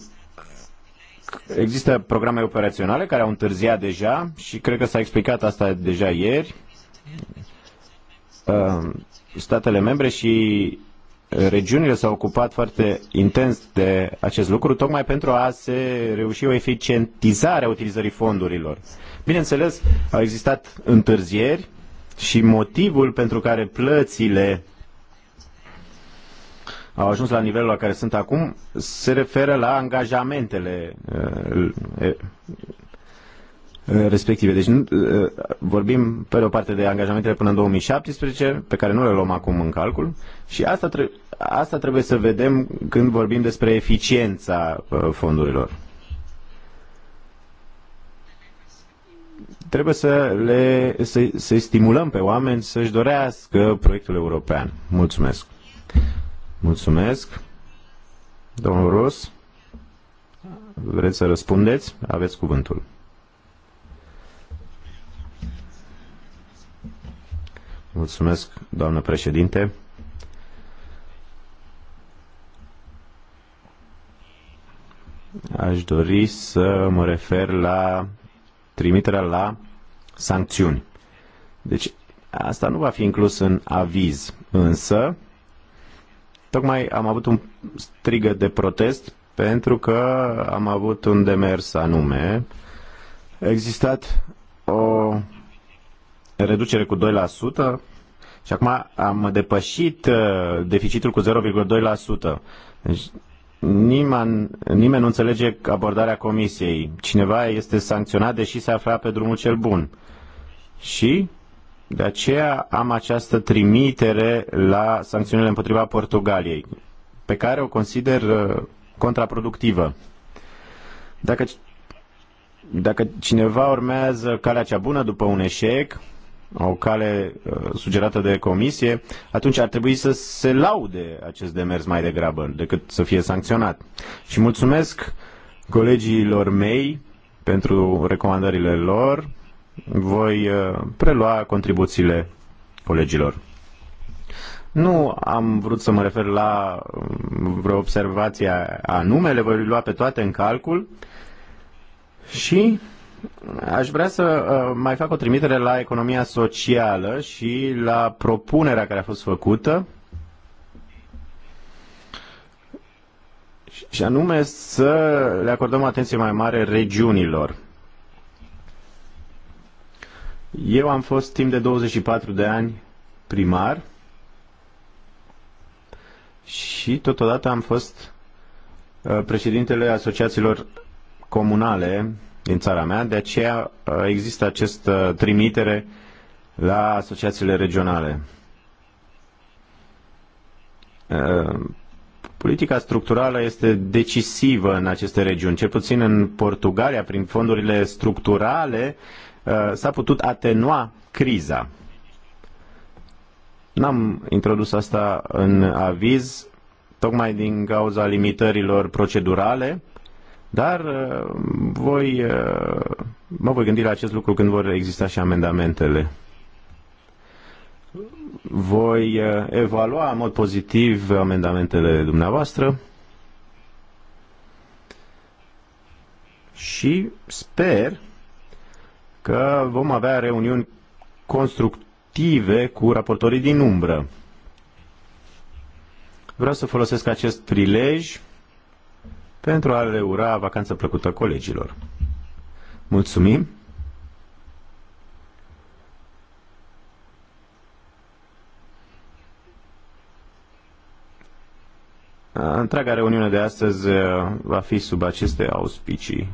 Există programe operaționale care au întârziat deja și cred că s-a explicat asta deja ieri. Uh, statele membre și regiunile s-au ocupat foarte intens de acest lucru, tocmai pentru a se reuși o eficientizare a utilizării fondurilor. Bineînțeles, au existat întârzieri și motivul pentru care plățile au ajuns la nivelul la care sunt acum, se referă la angajamentele uh, respective. Deci uh, vorbim pe de o parte de angajamentele până în 2017, pe care nu le luăm acum în calcul, și asta, tre- asta trebuie să vedem când vorbim despre eficiența uh, fondurilor. Trebuie să, le, să, să stimulăm pe oameni să-și dorească proiectul european. Mulțumesc. Mulțumesc. Domnul Ros, vreți să răspundeți? Aveți cuvântul. Mulțumesc, doamnă președinte. Aș dori să mă refer la trimiterea la sancțiuni. Deci, asta nu va fi inclus în aviz, însă Tocmai am avut un strigă de protest pentru că am avut un demers anume. A existat o reducere cu 2% și acum am depășit uh, deficitul cu 0,2%. Deci nimeni, nimeni nu înțelege abordarea comisiei. Cineva este sancționat deși se afla pe drumul cel bun. Și de aceea am această trimitere la sancțiunile împotriva Portugaliei, pe care o consider uh, contraproductivă. Dacă, dacă cineva urmează calea cea bună după un eșec, o cale uh, sugerată de comisie, atunci ar trebui să se laude acest demers mai degrabă decât să fie sancționat. Și mulțumesc colegiilor mei pentru recomandările lor voi uh, prelua contribuțiile colegilor. Nu am vrut să mă refer la um, vreo observație a numele, voi lua pe toate în calcul și aș vrea să uh, mai fac o trimitere la economia socială și la propunerea care a fost făcută și anume să le acordăm atenție mai mare regiunilor. Eu am fost timp de 24 de ani primar și totodată am fost uh, președintele asociațiilor comunale din țara mea, de aceea uh, există această trimitere la asociațiile regionale. Uh, politica structurală este decisivă în aceste regiuni, cel puțin în Portugalia, prin fondurile structurale, Uh, s-a putut atenua criza. N-am introdus asta în aviz, tocmai din cauza limitărilor procedurale, dar uh, voi, uh, mă voi gândi la acest lucru când vor exista și amendamentele. Voi evalua în mod pozitiv amendamentele dumneavoastră și sper că vom avea reuniuni constructive cu raportorii din umbră. Vreau să folosesc acest prilej pentru a le ura vacanță plăcută colegilor. Mulțumim! Întreaga reuniune de astăzi uh, va fi sub aceste auspicii.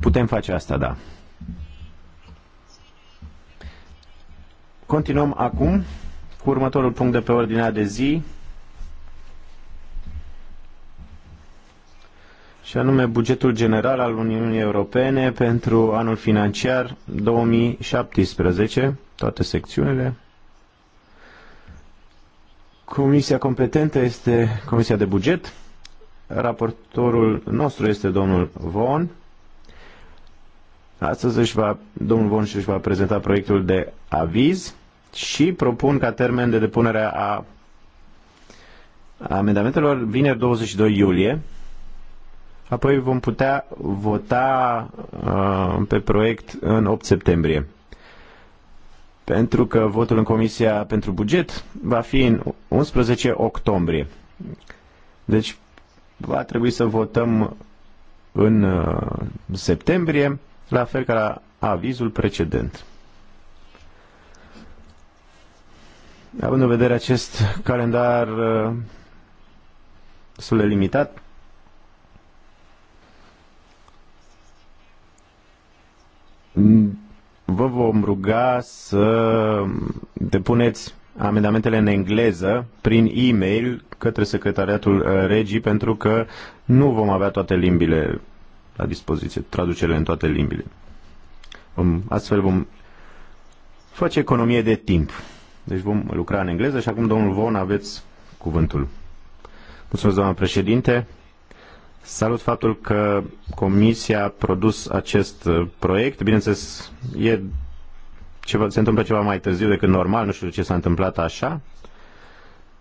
Putem face asta, da. Continuăm acum cu următorul punct de pe ordinea de zi. și anume bugetul general al Uniunii Europene pentru anul financiar 2017, toate secțiunile. Comisia competentă este Comisia de Buget. Raportorul nostru este domnul Von. Astăzi își va, domnul Vonș își va prezenta proiectul de aviz și propun ca termen de depunere a amendamentelor vineri 22 iulie. Apoi vom putea vota uh, pe proiect în 8 septembrie. Pentru că votul în Comisia pentru Buget va fi în 11 octombrie. Deci va trebui să votăm în uh, septembrie la fel ca la avizul precedent. Având în vedere acest calendar uh, destul de limitat, vă vom ruga să depuneți amendamentele în engleză prin e-mail către secretariatul uh, regii pentru că nu vom avea toate limbile la dispoziție, traducerile în toate limbile. Astfel vom face economie de timp. Deci vom lucra în engleză și acum, domnul Von, aveți cuvântul. Mulțumesc, doamna președinte. Salut faptul că Comisia a produs acest uh, proiect. Bineînțeles, e ceva, se întâmplă ceva mai târziu decât normal, nu știu ce s-a întâmplat așa,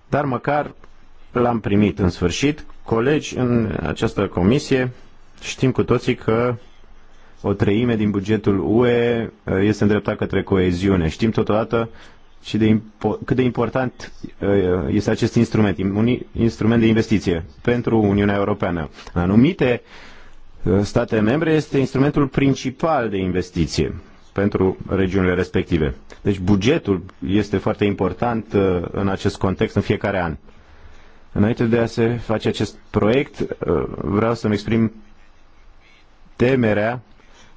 dar măcar l-am primit în sfârșit. Colegi în această comisie Știm cu toții că o treime din bugetul UE uh, este îndreptat către coeziune. Știm totodată și de impo- cât de important uh, este acest instrument, un instrument de investiție pentru Uniunea Europeană. În anumite uh, state membre este instrumentul principal de investiție pentru regiunile respective. Deci bugetul este foarte important în acest context în fiecare an. Înainte de a se face acest proiect, vreau să-mi exprim temerea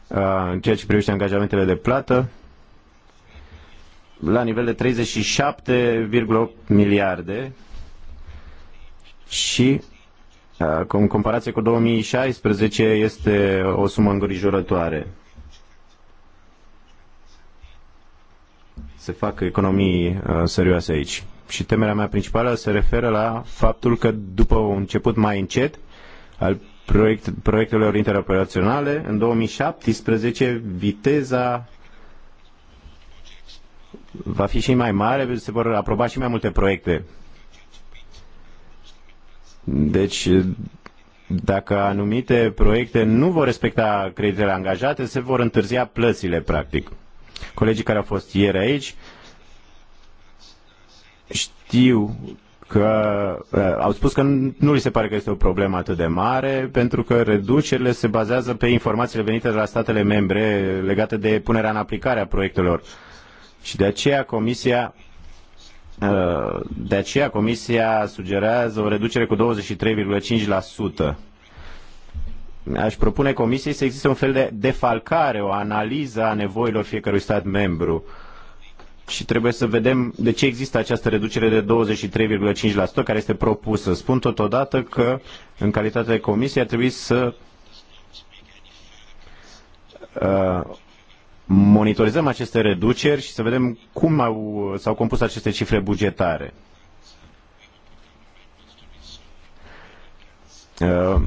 uh, în ceea ce privește angajamentele de plată la nivel de 37,8 miliarde și uh, în comparație cu 2016 este o sumă îngrijorătoare. Se fac economii uh, serioase aici. Și temerea mea principală se referă la faptul că după un început mai încet al proiect, proiectelor interoperaționale. În 2017, viteza va fi și mai mare, se vor aproba și mai multe proiecte. Deci, dacă anumite proiecte nu vor respecta creditele angajate, se vor întârzia plățile, practic. Colegii care au fost ieri aici știu că uh, au spus că nu li se pare că este o problemă atât de mare, pentru că reducerile se bazează pe informațiile venite de la statele membre legate de punerea în aplicare a proiectelor. Și de aceea Comisia uh, de aceea Comisia sugerează o reducere cu 23,5%. Aș propune Comisiei să existe un fel de defalcare, o analiză a nevoilor fiecărui stat membru. Uh, și trebuie să vedem de ce există această reducere de 23,5% care este propusă. Spun totodată că, în calitate de comisie, ar trebui să uh, monitorizăm aceste reduceri și să vedem cum au, s-au compus aceste cifre bugetare. Uh,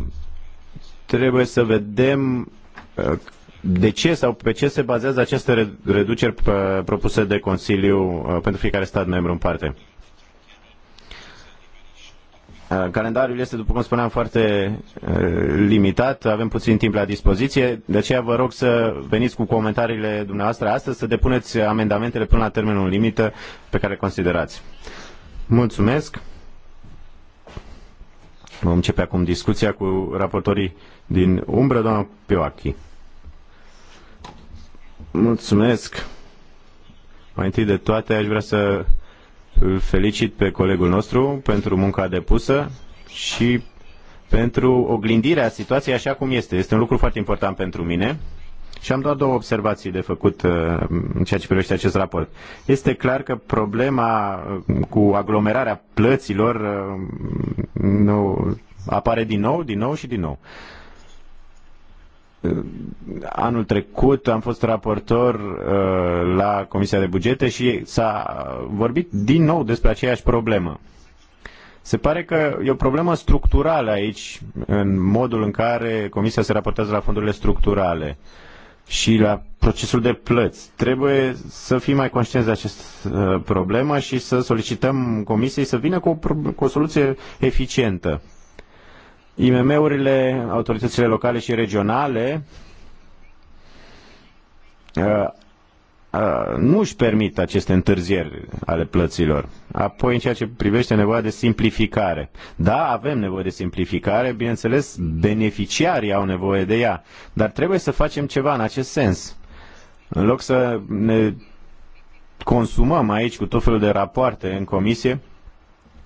trebuie să vedem uh, de ce sau pe ce se bazează aceste reduceri uh, propuse de Consiliu uh, pentru fiecare stat membru în parte? Uh, Calendariul este, după cum spuneam, foarte limitat, avem puțin timp la dispoziție, de aceea vă rog să veniți cu comentariile dumneavoastră astăzi, să depuneți amendamentele până la termenul limită pe care considerați. Mulțumesc! Vom începe acum discuția cu raportorii din umbră, doamna Pioachi. Mulțumesc. Mai întâi de toate aș vrea să îl felicit pe colegul nostru pentru munca depusă și pentru oglindirea situației așa cum este. Este un lucru foarte important pentru mine și am doar două observații de făcut uh, în ceea ce privește acest raport. Este clar că problema uh, cu aglomerarea plăților uh, nu apare din nou, din nou și din nou. Anul trecut am fost raportor uh, la Comisia de Bugete și s-a vorbit din nou despre aceeași problemă. Se pare că e o problemă structurală aici, în modul în care Comisia se raportează la fondurile structurale și la procesul de plăți. Trebuie să fim mai conștienți de această uh, problemă și să solicităm Comisiei să vină cu o, cu o soluție eficientă. IMM-urile, autoritățile locale și regionale uh, uh, nu își permit aceste întârzieri ale plăților. Apoi, în ceea ce privește nevoia de simplificare. Da, avem nevoie de simplificare, bineînțeles, beneficiarii au nevoie de ea, dar trebuie să facem ceva în acest sens. În loc să ne consumăm aici cu tot felul de rapoarte în comisie,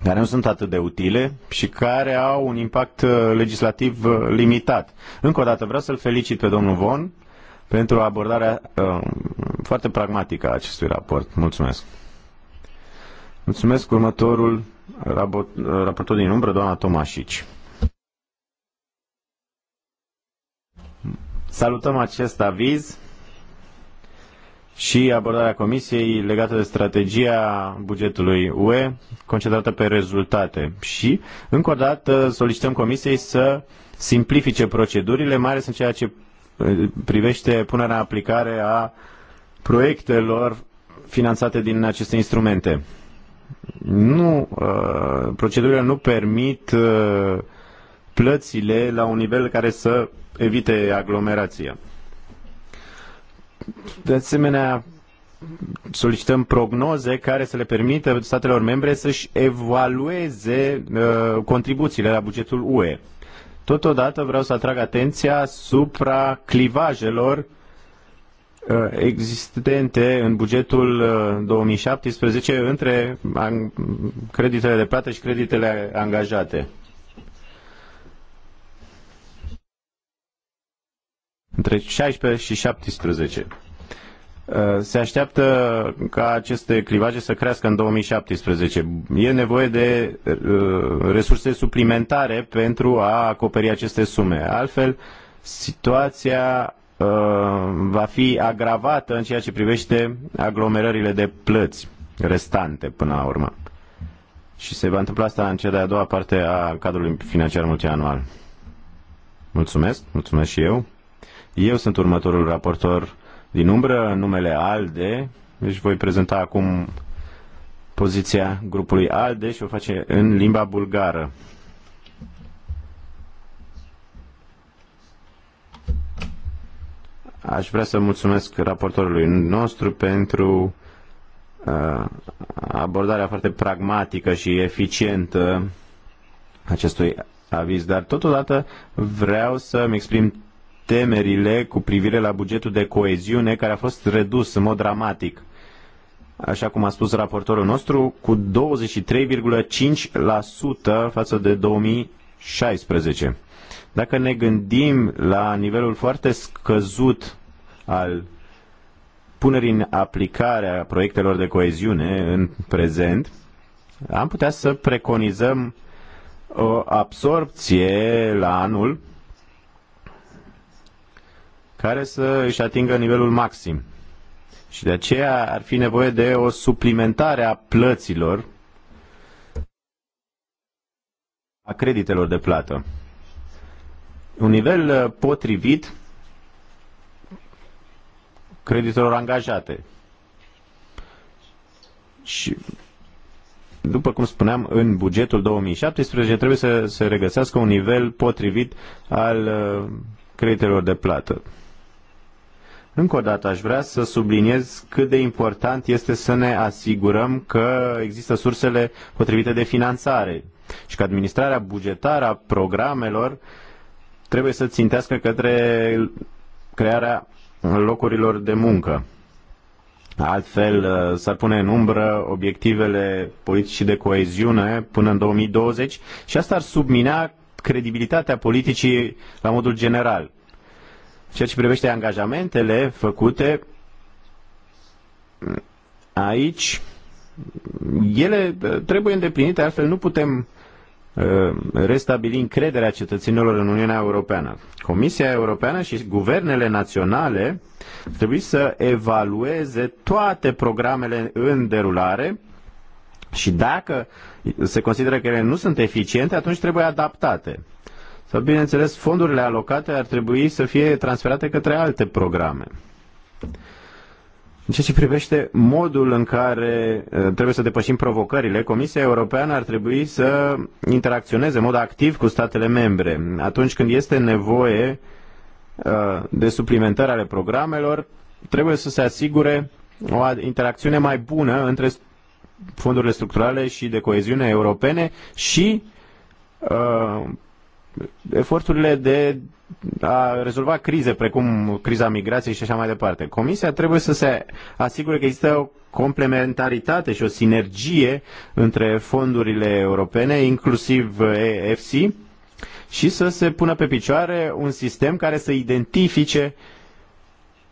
care nu sunt atât de utile și care au un impact uh, legislativ uh, limitat. Încă o dată vreau să-l felicit pe domnul Von pentru abordarea uh, foarte pragmatică a acestui raport. Mulțumesc. Mulțumesc următorul raport, uh, raportor din umbră, doamna Tomașici. Salutăm acest aviz și abordarea Comisiei legată de strategia bugetului UE concentrată pe rezultate. Și, încă o dată, solicităm Comisiei să simplifice procedurile, mai ales în ceea ce eh, privește punerea în aplicare a proiectelor finanțate din aceste instrumente. Nu, eh, procedurile nu permit eh, plățile la un nivel care să evite aglomerația. De asemenea, solicităm prognoze care să le permită statelor membre să-și evalueze uh, contribuțiile la bugetul UE. Totodată vreau să atrag atenția asupra clivajelor uh, existente în bugetul 2017 uh, între creditele de plată și creditele angajate. între 16 și 17. Uh, se așteaptă ca aceste clivaje să crească în 2017. E nevoie de uh, resurse suplimentare pentru a acoperi aceste sume. Altfel, situația uh, va fi agravată în ceea ce privește aglomerările de plăți restante până la urmă. Și se va întâmpla asta în cea de-a doua parte a cadrului financiar multianual. Mulțumesc, mulțumesc și eu. Eu sunt următorul raportor din umbră, numele ALDE, Își deci voi prezenta acum poziția grupului ALDE și o face în limba bulgară. Aș vrea să mulțumesc raportorului nostru pentru uh, abordarea foarte pragmatică și eficientă acestui aviz, dar totodată vreau să-mi exprim temerile cu privire la bugetul de coeziune care a fost redus în mod dramatic, așa cum a spus raportorul nostru, cu 23,5% față de 2016. Dacă ne gândim la nivelul foarte scăzut al punerii în aplicare a proiectelor de coeziune în prezent, am putea să preconizăm o absorpție la anul care să își atingă nivelul maxim. Și de aceea ar fi nevoie de o suplimentare a plăților, a creditelor de plată. Un nivel uh, potrivit creditelor angajate. Și după cum spuneam, în bugetul 2017 trebuie să se regăsească un nivel potrivit al uh, creditelor de plată. Încă o dată aș vrea să subliniez cât de important este să ne asigurăm că există sursele potrivite de finanțare și că administrarea bugetară a programelor trebuie să țintească către crearea locurilor de muncă. Altfel uh, s-ar pune în umbră obiectivele politicii de coeziune până în 2020 și asta ar submina credibilitatea politicii la modul general ceea ce privește angajamentele făcute aici, ele uh, trebuie îndeplinite, altfel nu putem uh, restabili încrederea cetățenilor în Uniunea Europeană. Comisia Europeană și guvernele naționale trebuie să evalueze toate programele în derulare și dacă se consideră că ele nu sunt eficiente, atunci trebuie adaptate. Sau, bineînțeles, fondurile alocate ar trebui să fie transferate către alte programe. În ceea ce privește modul în care eh, trebuie să depășim provocările, Comisia Europeană ar trebui să interacționeze în mod activ cu statele membre. Atunci când este nevoie eh, de suplimentare ale programelor, trebuie să se asigure o interacțiune mai bună între fondurile structurale și de coeziune europene și eh, eforturile de a rezolva crize, precum criza migrației și așa mai departe. Comisia trebuie să se asigure că există o complementaritate și o sinergie între fondurile europene, inclusiv EFSI, și să se pună pe picioare un sistem care să identifice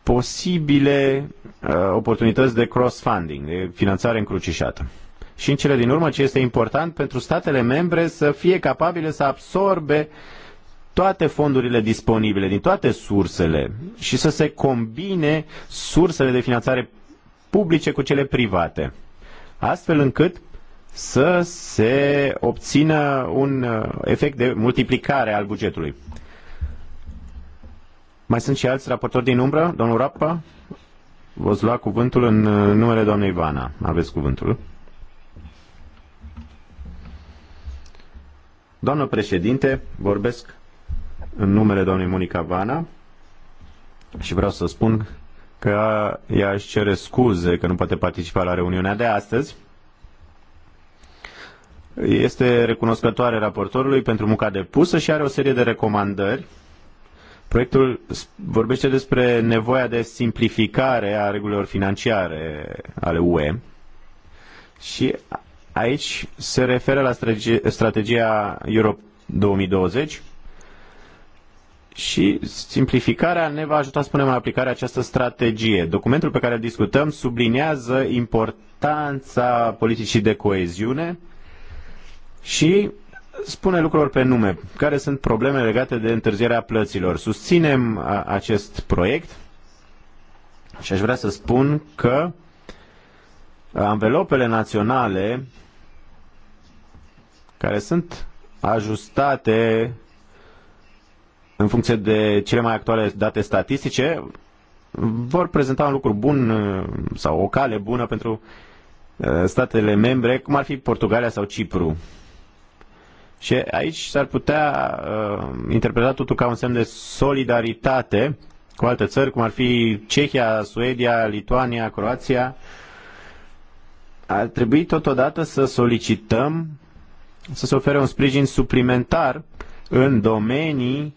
posibile uh, oportunități de cross-funding, de finanțare încrucișată și în cele din urmă ce este important pentru statele membre să fie capabile să absorbe toate fondurile disponibile, din toate sursele și să se combine sursele de finanțare publice cu cele private, astfel încât să se obțină un uh, efect de multiplicare al bugetului. Mai sunt și alți raportori din umbră? Domnul Rappa, vă lua cuvântul în uh, numele doamnei Ivana. Aveți cuvântul. Doamnă președinte, vorbesc în numele doamnei Monica Vana și vreau să spun că ea își cere scuze că nu poate participa la reuniunea de astăzi. Este recunoscătoare raportorului pentru munca depusă și are o serie de recomandări. Proiectul vorbește despre nevoia de simplificare a regulilor financiare ale UE și Aici se referă la strategie, strategia Europe 2020 și simplificarea ne va ajuta să punem în aplicare această strategie. Documentul pe care îl discutăm subliniază importanța politicii de coeziune și spune lucrurilor pe nume. Care sunt probleme legate de întârzierea plăților? Susținem acest proiect și aș vrea să spun că anvelopele naționale care sunt ajustate în funcție de cele mai actuale date statistice, vor prezenta un lucru bun uh, sau o cale bună pentru uh, statele membre, cum ar fi Portugalia sau Cipru. Și aici s-ar putea uh, interpreta totul ca un semn de solidaritate cu alte țări, cum ar fi Cehia, Suedia, Lituania, Croația. Ar trebui totodată să solicităm să se ofere un sprijin suplimentar în domenii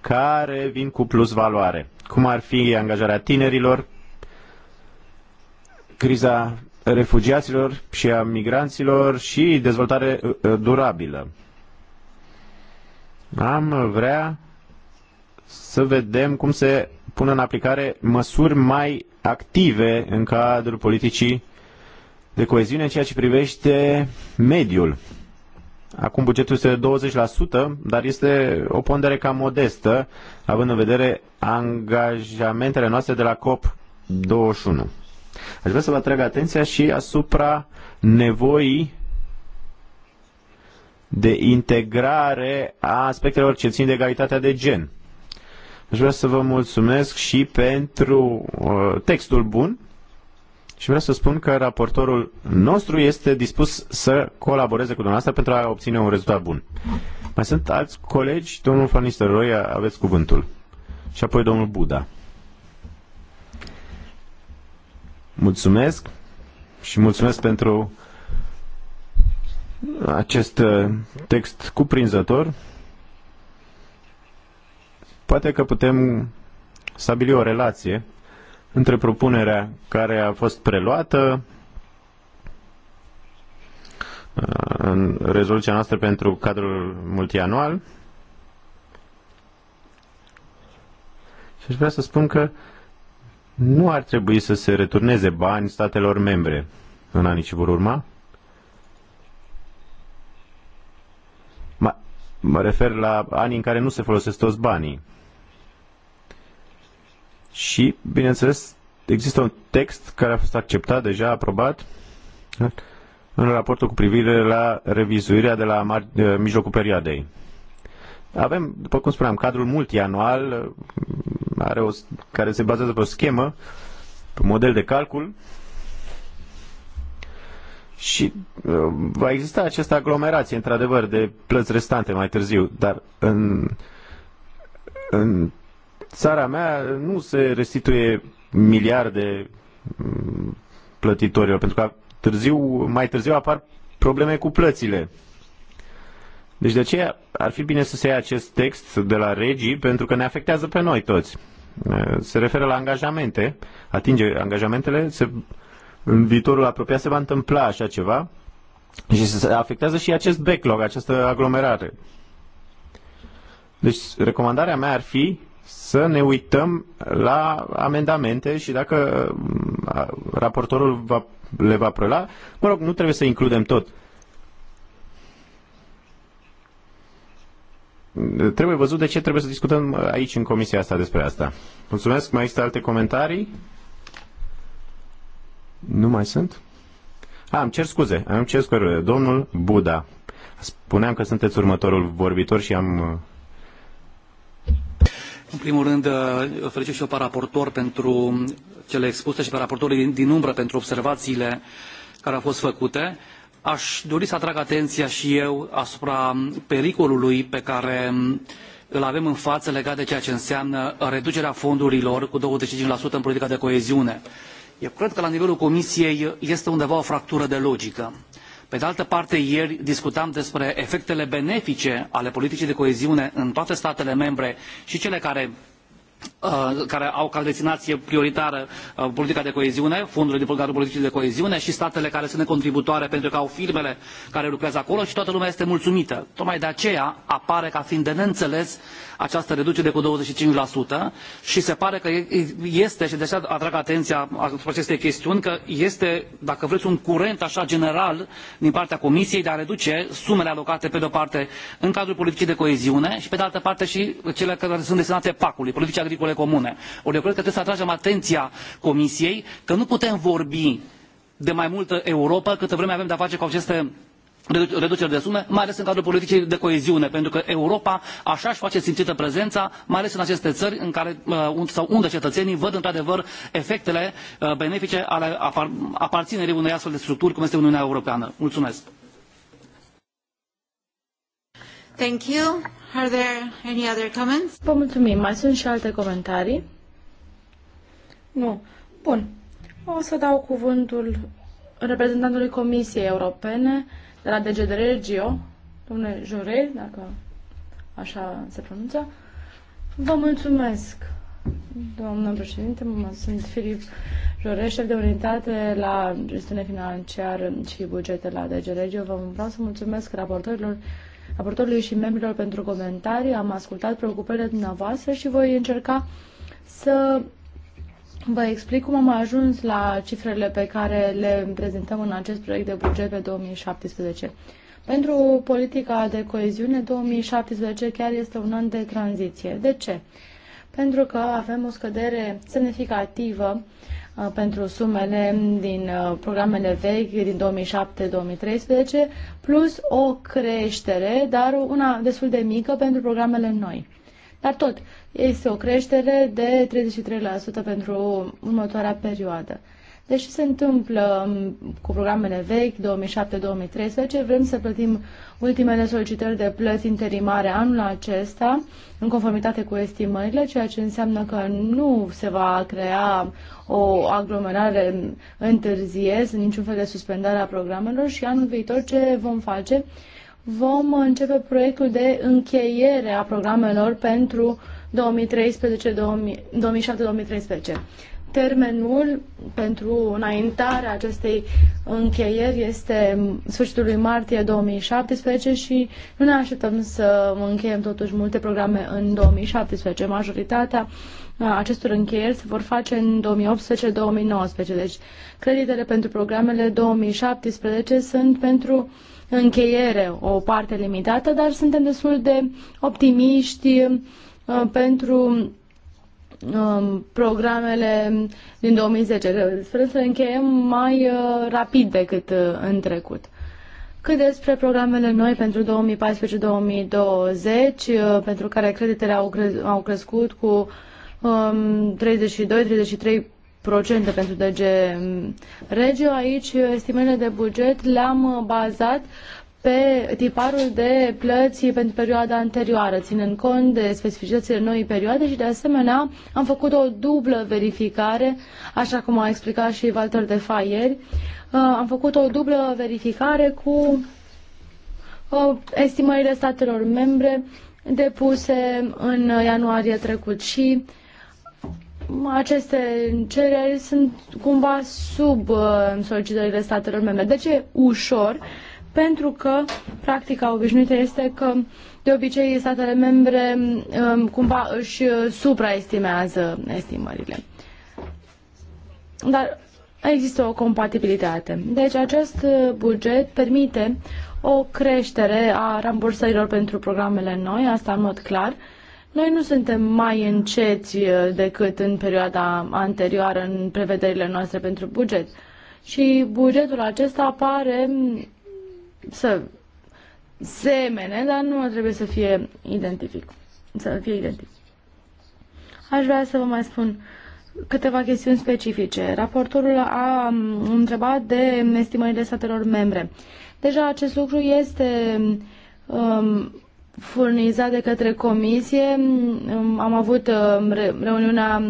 care vin cu plus valoare, cum ar fi angajarea tinerilor, criza refugiaților și a migranților și dezvoltare uh, uh, durabilă. Am vrea să vedem cum se pun în aplicare măsuri mai active în cadrul politicii de coeziune în ceea ce privește mediul. Acum bugetul este de 20%, dar este o pondere cam modestă, având în vedere angajamentele noastre de la COP21. Aș vrea să vă atrag atenția și asupra nevoii de integrare a aspectelor ce țin de egalitatea de gen. Aș vrea să vă mulțumesc și pentru uh, textul bun și vreau să spun că raportorul nostru este dispus să colaboreze cu dumneavoastră pentru a obține un rezultat bun. Mai sunt alți colegi, domnul Fanister Roy, aveți cuvântul. Și apoi domnul Buda. Mulțumesc și mulțumesc pentru acest uh, text cuprinzător. Poate că putem stabili o relație între propunerea care a fost preluată uh, în rezoluția noastră pentru cadrul multianual. Și aș vrea să spun că nu ar trebui să se returneze bani statelor membre în anii ce vor urma. Mă, refer la anii în care nu se folosesc toți banii și, bineînțeles, există un text care a fost acceptat, deja aprobat, în raportul cu privire la revizuirea de la mar- mijlocul perioadei. Avem, după cum spuneam, cadrul multianual uh, are o, care se bazează pe o schemă, pe model de calcul și uh, va exista această aglomerație, într-adevăr, de plăți restante mai târziu, dar în, în țara mea nu se restituie miliarde mm, plătitorilor, pentru că târziu, mai târziu apar probleme cu plățile. Deci de aceea ar fi bine să se ia acest text de la regii, pentru că ne afectează pe noi toți. Eh, se referă la angajamente, atinge angajamentele, se, în viitorul apropiat se va întâmpla așa ceva și se afectează și acest backlog, această aglomerare. Deci recomandarea mea ar fi să ne uităm la amendamente și dacă mm, raportorul va, le va prăla, mă rog, nu trebuie să includem tot. Trebuie văzut de ce trebuie să discutăm aici în comisia asta despre asta. Mulțumesc. Mai există alte comentarii? Nu mai sunt? A, ah, îmi cer scuze. Îmi cer scuze. Domnul Buda. Spuneam că sunteți următorul vorbitor și am în primul rând, uh, felicit și eu pe raportor pentru cele expuse și pe raportorii din, din umbră pentru observațiile care au fost făcute. Aș dori să atrag atenția și eu asupra pericolului pe care îl avem în față legat de ceea ce înseamnă reducerea fondurilor cu 25% în politica de coeziune. Eu cred că la nivelul Comisiei este undeva o fractură de logică pe de altă parte, ieri discutam despre efectele benefice ale politicii de coeziune în toate statele membre și cele care uh, care au ca destinație prioritară uh, politica de coeziune, fondurile din programul politicii de coeziune și statele care sunt contributoare pentru că au firmele care lucrează acolo și toată lumea este mulțumită. Tocmai de aceea apare ca fiind de neînțeles această reducere cu 25% și se pare că este, și de aceea atrag atenția asupra acestei chestiuni, că este, dacă vreți, un curent așa general din partea Comisiei de a reduce sumele alocate, pe de-o parte, în cadrul politicii de coeziune și, pe de altă parte, și cele care sunt destinate PAC-ului, Politicii Agricole Comune. Ori eu cred că trebuie să atragem atenția Comisiei că nu putem vorbi de mai multă Europa câtă vreme avem de-a face cu aceste reduceri de sume, mai ales în cadrul politicii de coeziune, pentru că Europa așa își face simțită prezența, mai ales în aceste țări în care, uh, sau unde cetățenii văd într-adevăr efectele uh, benefice ale aparținerii unei astfel de structuri, cum este Uniunea Europeană. Mulțumesc! Thank you. Are there any other comments? Vă mulțumim. Mai sunt și alte comentarii? Nu. Bun. O să dau cuvântul reprezentantului Comisiei Europene de la DG de Regio, domnule Jure, dacă așa se pronunță. Vă mulțumesc, doamnă președinte, mă sunt Filip Jure, șef de unitate la gestiune financiară și bugete la DG Regio. Vă vreau să mulțumesc raportorilor raportorului și membrilor pentru comentarii. Am ascultat preocupările dumneavoastră și voi încerca să Vă explic cum am ajuns la cifrele pe care le prezentăm în acest proiect de buget pe 2017. Pentru politica de coeziune, 2017 chiar este un an de tranziție. De ce? Pentru că avem o scădere semnificativă uh, pentru sumele din uh, programele vechi din 2007-2013, plus o creștere, dar una destul de mică pentru programele noi. Dar tot, este o creștere de 33% pentru următoarea perioadă. Deși se întâmplă um, cu programele vechi, 2007-2013, vrem să plătim ultimele solicitări de plăți interimare anul acesta, în conformitate cu estimările, ceea ce înseamnă că nu se va crea o aglomerare întârziere, niciun fel de suspendare a programelor și anul viitor ce vom face? Vom începe proiectul de încheiere a programelor pentru 2007-2013. Termenul pentru înaintarea acestei încheieri este sfârșitul lui martie 2017 și nu ne așteptăm să încheiem totuși multe programe în 2017. Majoritatea uh, acestor încheieri se vor face în 2018-2019. Deci, creditele pentru programele 2017 sunt pentru încheiere o parte limitată, dar suntem destul de optimiști Uh, pentru um, programele din 2010. Sperăm să încheiem mai uh, rapid decât uh, în trecut. Cât despre programele noi pentru 2014-2020, pentru care creditele au, crez- au crescut cu um, 32-33% pentru DG Regio, aici estimările de buget le-am bazat pe tiparul de plăți pentru perioada anterioară, ținând cont de specificitățile noii perioade și, de asemenea, am făcut o dublă verificare, așa cum a explicat și Walter de Faieri, uh, am făcut o dublă verificare cu uh, estimările statelor membre depuse în ianuarie trecut și aceste cereri sunt cumva sub uh, solicitările statelor membre. De deci ce ușor? pentru că practica obișnuită este că de obicei statele membre um, cumva își uh, supraestimează estimările. Dar există o compatibilitate. Deci acest uh, buget permite o creștere a rambursărilor pentru programele noi, asta în mod clar. Noi nu suntem mai înceți uh, decât în perioada anterioară în prevederile noastre pentru buget. Și bugetul acesta apare să semene, dar nu trebuie să fie identific. Să fie identic. Aș vrea să vă mai spun câteva chestiuni specifice. Raportorul a întrebat de estimările statelor membre. Deja acest lucru este um, furnizat de către comisie. Um, am avut um, reuniunea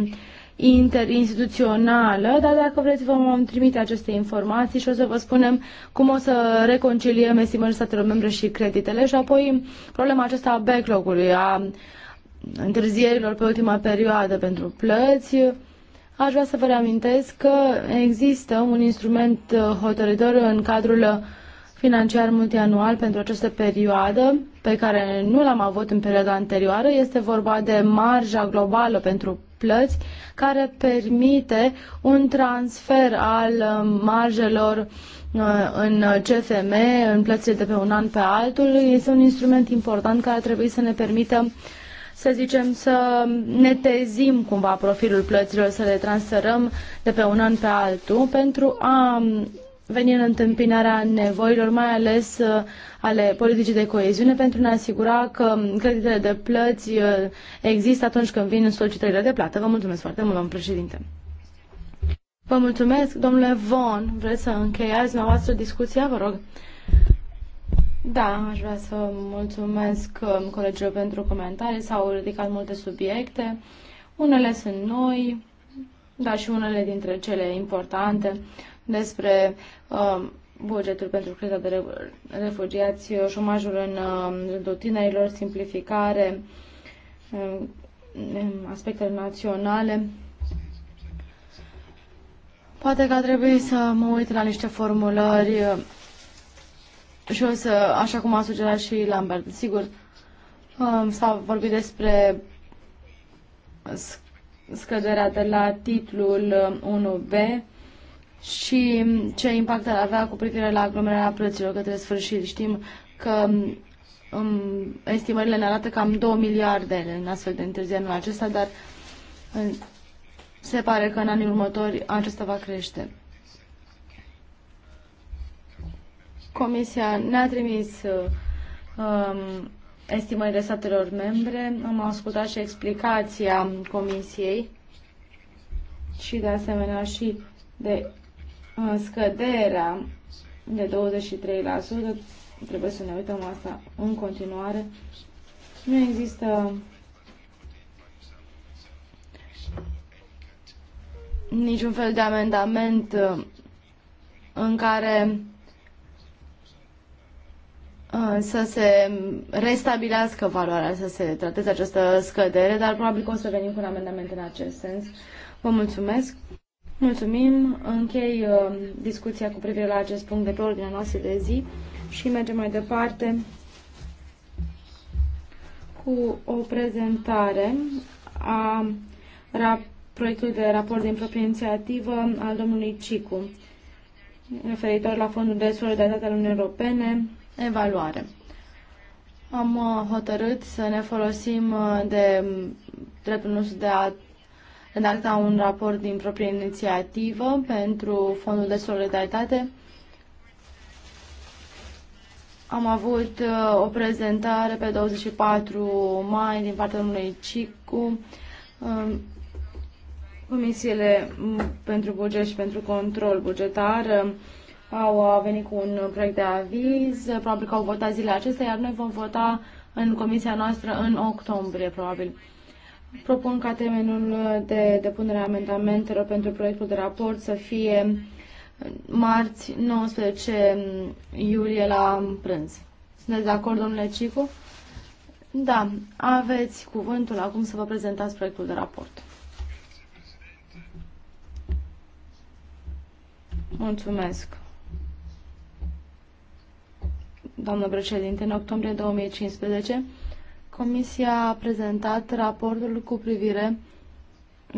interinstituțională, dar dacă vreți vom trimite aceste informații și o să vă spunem cum o să reconciliem estimările statelor membre și creditele și apoi problema aceasta a backlog-ului, a întârzierilor pe ultima perioadă pentru plăți. Aș vrea să vă reamintesc că există un instrument hotărător în cadrul financiar multianual pentru această perioadă, pe care nu l-am avut în perioada anterioară. Este vorba de marja globală pentru plăți, care permite un transfer al um, marjelor uh, în CFM, în plățile de pe un an pe altul. Este un instrument important care trebuie să ne permită să zicem, să netezim cumva profilul plăților, să le transferăm de pe un an pe altul pentru a veni în întâmpinarea nevoilor, mai ales uh, ale politicii de coeziune, pentru a ne asigura că creditele de plăți uh, există atunci când vin solicitările de plată. Vă mulțumesc foarte mult, domnul președinte. Vă mulțumesc, domnule Von. Vreți să încheiați la voastră discuția, vă rog? Da, aș vrea să mulțumesc um, colegilor pentru comentarii. S-au ridicat multe subiecte. Unele sunt noi, dar și unele dintre cele importante despre Um, bugetul pentru criza de refugiați, uh, șomajul în um, rândul tinerilor, simplificare, um, aspectele naționale. Poate că trebuie să mă uit la niște formulări uh, și o să, așa cum a sugerat și Lambert, sigur, s-a vorbit despre scăderea de la titlul 1B, și ce impact ar avea cu privire la aglomerarea plăților către sfârșit. Știm că um, estimările ne arată cam 2 miliarde în astfel de întârzieri în acesta, dar în, se pare că în anii următori acesta va crește. Comisia ne-a trimis um, estimările statelor membre, am ascultat și explicația Comisiei și de asemenea și de scăderea de 23%, trebuie să ne uităm asta în continuare, nu există niciun fel de amendament în care să se restabilească valoarea, să se trateze această scădere, dar probabil că o să venim cu un amendament în acest sens. Vă mulțumesc! Mulțumim. Închei uh, discuția cu privire la acest punct de pe ordinea noastră de zi și mergem mai departe cu o prezentare a proiectului de raport din proprie inițiativă al domnului Cicu referitor la Fondul de Solidaritate al Uniunii Europene, evaluare. Am uh, hotărât să ne folosim uh, de dreptul nostru de a redacta un raport din proprie inițiativă pentru Fondul de Solidaritate. Am avut uh, o prezentare pe 24 mai din partea domnului Cicu. Um, comisiile pentru buget și pentru control bugetar um, au venit cu un proiect de aviz, probabil că au votat zilele acestea, iar noi vom vota în comisia noastră în octombrie, probabil. Propun ca termenul de depunere a amendamentelor pentru proiectul de raport să fie uh, marți 19 mm, iulie la prânz. Sunteți de acord, domnule Cicu? Da, aveți cuvântul acum să vă prezentați proiectul de raport. Mulțumesc. Doamnă președinte, în octombrie 2015, Comisia a prezentat raportul cu privire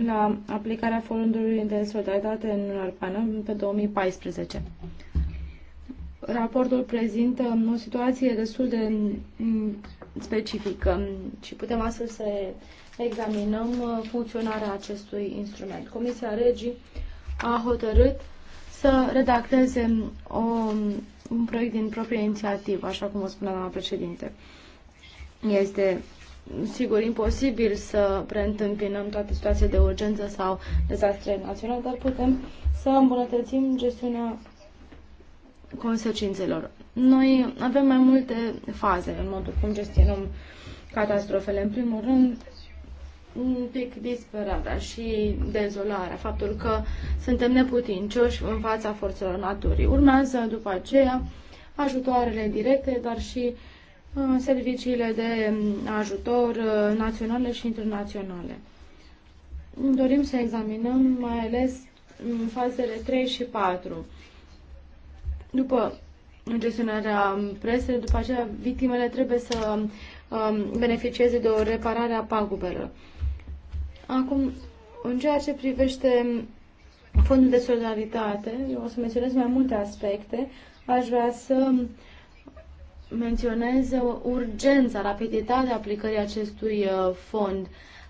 la aplicarea Fondului de Solidaritate în Europeană pe 2014. Raportul prezintă o situație destul de mm, specifică și putem astfel să examinăm funcționarea acestui instrument. Comisia Regii a hotărât să redacteze o, un proiect din proprie inițiativă, așa cum o spunea doamna președinte. Este sigur imposibil să preîntâmpinăm toate situațiile de urgență sau dezastre naționale, dar putem să îmbunătățim gestiunea consecințelor. Noi avem mai multe faze în modul cum gestionăm catastrofele. În primul rând, un pic disperarea și dezolarea, faptul că suntem neputincioși în fața forțelor naturii. Urmează după aceea ajutoarele directe, dar și uh, serviciile de ajutor uh, naționale și internaționale. Dorim să examinăm mai ales mm, fazele 3 și 4. După gestionarea presei, după aceea victimele trebuie să um, beneficieze de o reparare a pagubelor. Acum, în ceea ce privește fondul de solidaritate, eu o să menționez mai multe aspecte, aș vrea să menționez urgența, rapiditatea aplicării acestui uh, fond.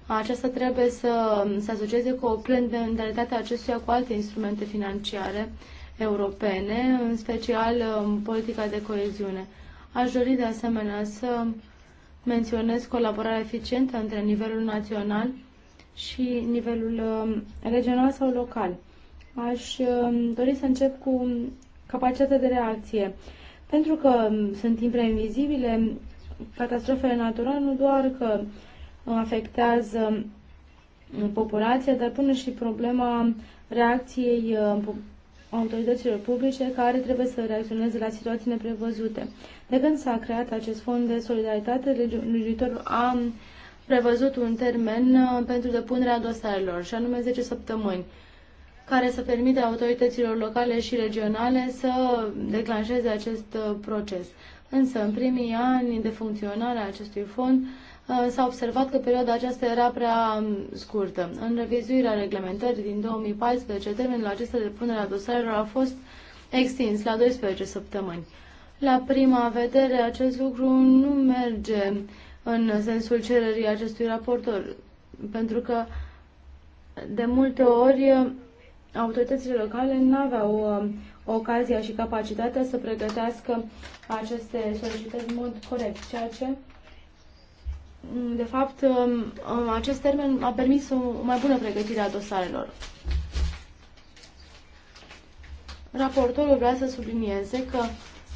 Aceasta trebuie să um, se asocieze cu o plenaritatea acestuia cu alte instrumente financiare europene, în special în um, politica de coeziune. Aș dori de asemenea să menționez colaborarea eficientă între nivelul național și nivelul um, regional sau local. Aș dori să încep cu capacitatea de reacție. Pentru că sunt imprevizibile, catastrofele naturale nu doar că afectează populația, dar pune și problema reacției uh, autorităților publice care trebuie să reacționeze la situații neprevăzute. De când s-a creat acest fond de solidaritate, legiuitorul a prevăzut un termen uh, pentru depunerea dosarelor, și anume 10 săptămâni care să permite autorităților locale și regionale să declanșeze acest uh, proces. Însă, în primii ani de funcționare a acestui fond, uh, s-a observat că perioada aceasta era prea um, scurtă. În revizuirea reglementării din 2014, termenul acesta de punere a dosarelor a fost extins la 12 săptămâni. La prima vedere, acest lucru nu merge în sensul cererii acestui raportor, pentru că de multe ori autoritățile locale nu aveau um, ocazia și capacitatea să pregătească aceste solicitări în mod corect, ceea ce mm, de fapt, um, um, acest termen a permis o mai bună pregătire a dosarelor. Raportorul vrea să sublinieze că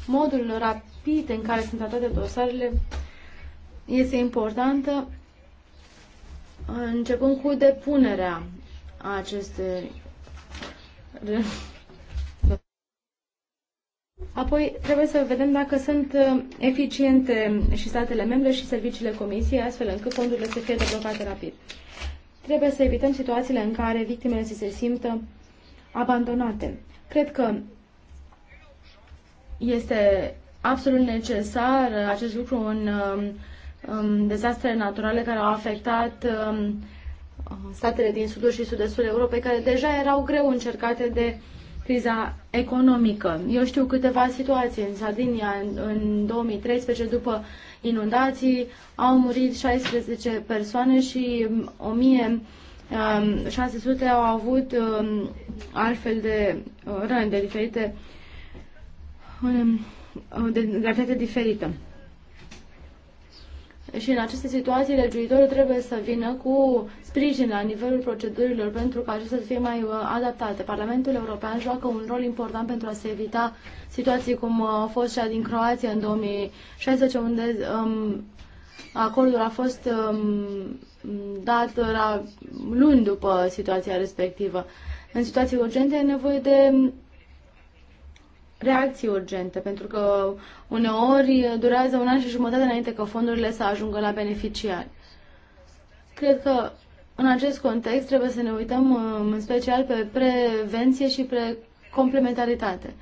modul rapid în care sunt tratate dosarele este important uh, începând cu depunerea acestei Apoi trebuie să vedem dacă sunt uh, eficiente și statele membre și serviciile comisiei, astfel încât fondurile să fie deblocate rapid. Trebuie să evităm situațiile în care victimele să se simtă abandonate. Cred că este absolut necesar acest lucru în um, um dezastre naturale care au afectat um, statele din sudul și sud-estul Europei, care deja erau greu încercate de criza economică. Eu știu câteva situații. În Sardinia, în 2013, după inundații, au murit 16 persoane și 1600 um, um, au avut um, altfel de uh, răni de diferite, de gravitate diferită și în aceste situații legiuitorul trebuie să vină cu sprijin la nivelul procedurilor pentru ca acestea să fie mai uh, adaptate. Parlamentul European joacă un rol important pentru a se evita situații cum uh, a fost cea din Croația în 2016, unde um, acordul a fost um, dat la luni după situația respectivă. În situații urgente e nevoie de reacții urgente, pentru că uneori durează un an și jumătate înainte ca fondurile să ajungă la beneficiari. Cred că în acest context trebuie să ne uităm în special pe prevenție și pe complementaritate.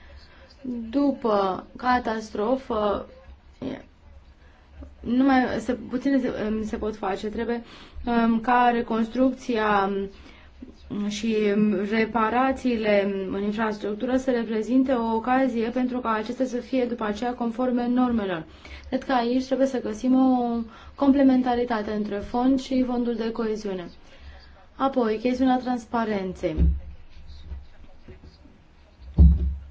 După catastrofă, nu mai se, puține se, se pot face. Trebuie um, ca reconstrucția um, și reparațiile în infrastructură să reprezinte o ocazie pentru ca acestea să fie după aceea conforme normelor. Cred că aici trebuie să găsim o complementaritate între fond și fondul de coeziune. Apoi, chestiunea transparenței.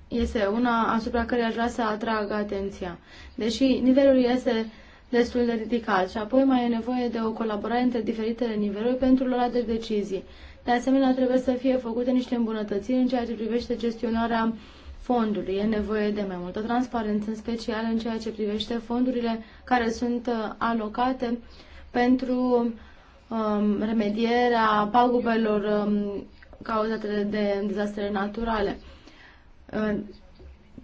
Este una asupra care aș vrea să atrag atenția. Deși nivelul este destul de ridicat și apoi mai e nevoie de o colaborare între diferitele niveluri pentru luarea de decizii. De asemenea, trebuie să fie făcute niște îmbunătățiri în ceea ce privește gestionarea fondului. E nevoie de mai multă transparență, în special în ceea ce privește fondurile care sunt uh, alocate pentru um, remedierea pagubelor um, cauzate de dezastre naturale. Um,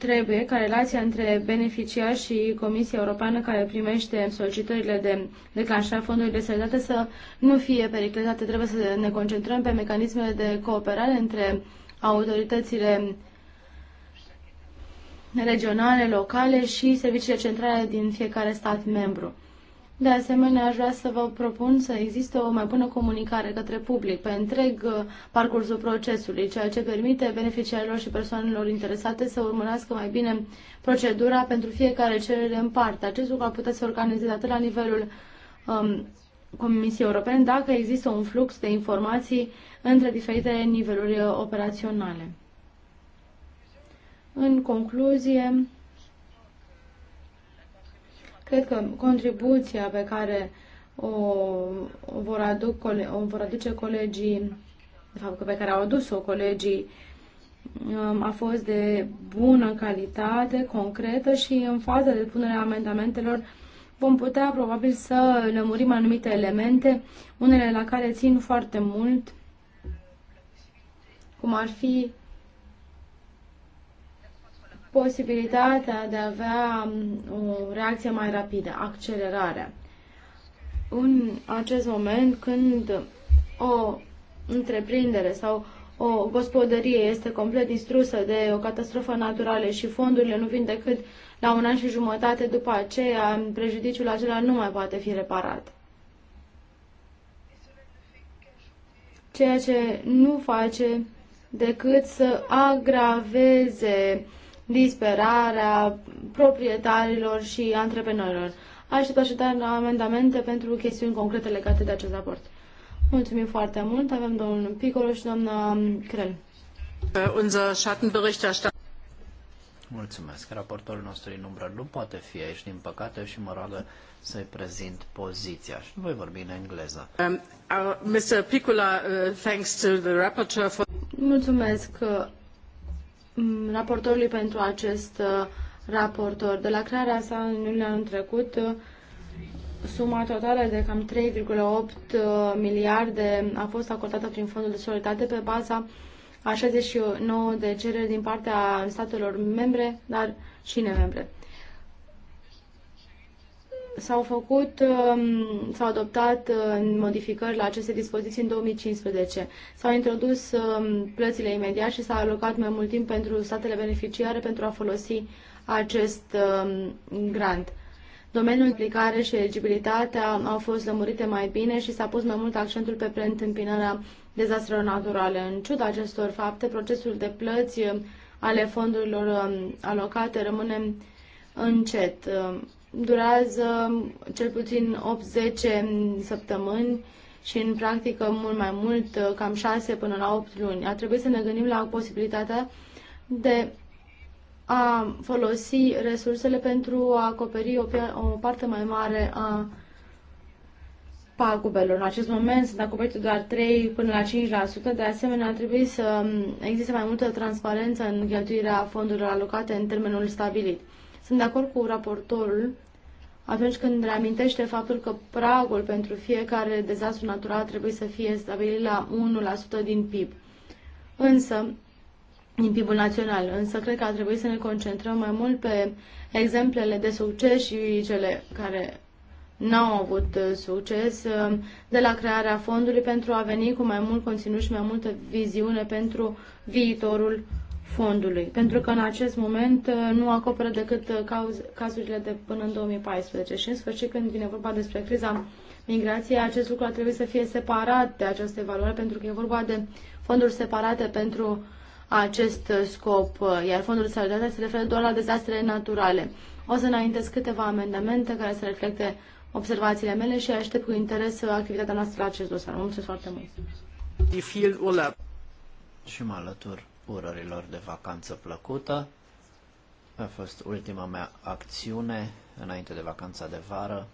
trebuie ca relația între beneficiar și Comisia Europeană care primește solicitările de declanșare fondului de solidaritate să nu fie periclitată. Trebuie să ne concentrăm pe mecanismele de cooperare între autoritățile regionale, locale și serviciile centrale din fiecare stat membru. De asemenea, aș vrea să vă propun să existe o mai bună comunicare către public pe întreg uh, parcursul procesului, ceea ce permite beneficiarilor și persoanelor interesate să urmărească mai bine procedura pentru fiecare cerere în parte. Acest lucru ar putea să organizeze atât la nivelul um, Comisiei Europene, dacă există un flux de informații între diferitele niveluri uh, operaționale. În concluzie, Cred că contribuția pe care o, vor, aduc, o vor aduce colegii, de fapt pe care au adus-o colegii, um, a fost de bună calitate, concretă și în faza de punere a amendamentelor vom putea probabil să lămurim anumite elemente, unele la care țin foarte mult, cum ar fi posibilitatea de a avea um, o reacție mai rapidă, accelerare. În acest moment, când o întreprindere sau o gospodărie este complet distrusă de o catastrofă naturală și fondurile nu vin decât la un an și jumătate după aceea, prejudiciul acela nu mai poate fi reparat. Ceea ce nu face decât să agraveze uh, disperarea proprietarilor și antreprenorilor. Aștept așadar amendamente pentru chestiuni concrete legate de acest raport. Mulțumim foarte mult. Avem domnul Picolo și doamna Crel. Mulțumesc. Raportorul nostru din umbră nu poate fi aici, din păcate, și mă roagă să-i prezint poziția. Și voi vorbi în engleză. Um, uh, Mr. uh, thanks to the rapporteur for... Mulțumesc. Uh, Mm, raportorului pentru acest uh, raportor. De la crearea sa în luna anul trecut, uh, suma totală de cam 3,8 uh, miliarde a fost acordată prin fondul de solidaritate pe baza a 69 de cereri din partea statelor membre, dar și nemembre. S-au făcut, um, s-au adoptat uh, modificări la aceste dispoziții în 2015. S-au introdus um, plățile imediat și s-a alocat mai mult timp pentru statele beneficiare pentru a folosi acest um, grant. Domeniul implicare și eligibilitatea au fost lămurite mai bine și s-a pus mai mult accentul pe preîntâmpinarea dezastrelor naturale. În ciuda acestor fapte, procesul de plăți ale fondurilor alocate rămâne încet durează cel puțin 8-10 săptămâni și în practică mult mai mult, cam 6 până la 8 luni. Ar trebui să ne gândim la posibilitatea de a folosi resursele pentru a acoperi o, o parte mai mare a pagubelor. În acest moment sunt acoperite doar 3 până la 5%, de asemenea ar trebui să existe mai multă transparență în cheltuirea fondurilor alocate în termenul stabilit. Sunt de acord cu raportorul atunci când reamintește faptul că pragul pentru fiecare dezastru natural trebuie să fie stabilit la 1% din PIB. Însă, din PIB-ul național, însă cred că ar trebui să ne concentrăm mai mult pe exemplele de succes și cele care n-au avut uh, succes uh, de la crearea fondului pentru a veni cu mai mult conținut și mai multă viziune pentru viitorul fondului, pentru că în acest moment uh, nu acoperă decât uh, cauz, cazurile de până în 2014 și în sfârșit când vine vorba despre criza migrației, acest lucru ar trebui să fie separat de această evaluare pentru că e vorba de fonduri separate pentru acest uh, scop, iar fondul de solidaritate se referă doar la dezastrele naturale. O să înaintez câteva amendamente care să reflecte observațiile mele și aștept cu interes activitatea noastră la acest dosar. Mulțumesc foarte mult! Și mă alătur urărilor de vacanță plăcută. A fost ultima mea acțiune înainte de vacanța de vară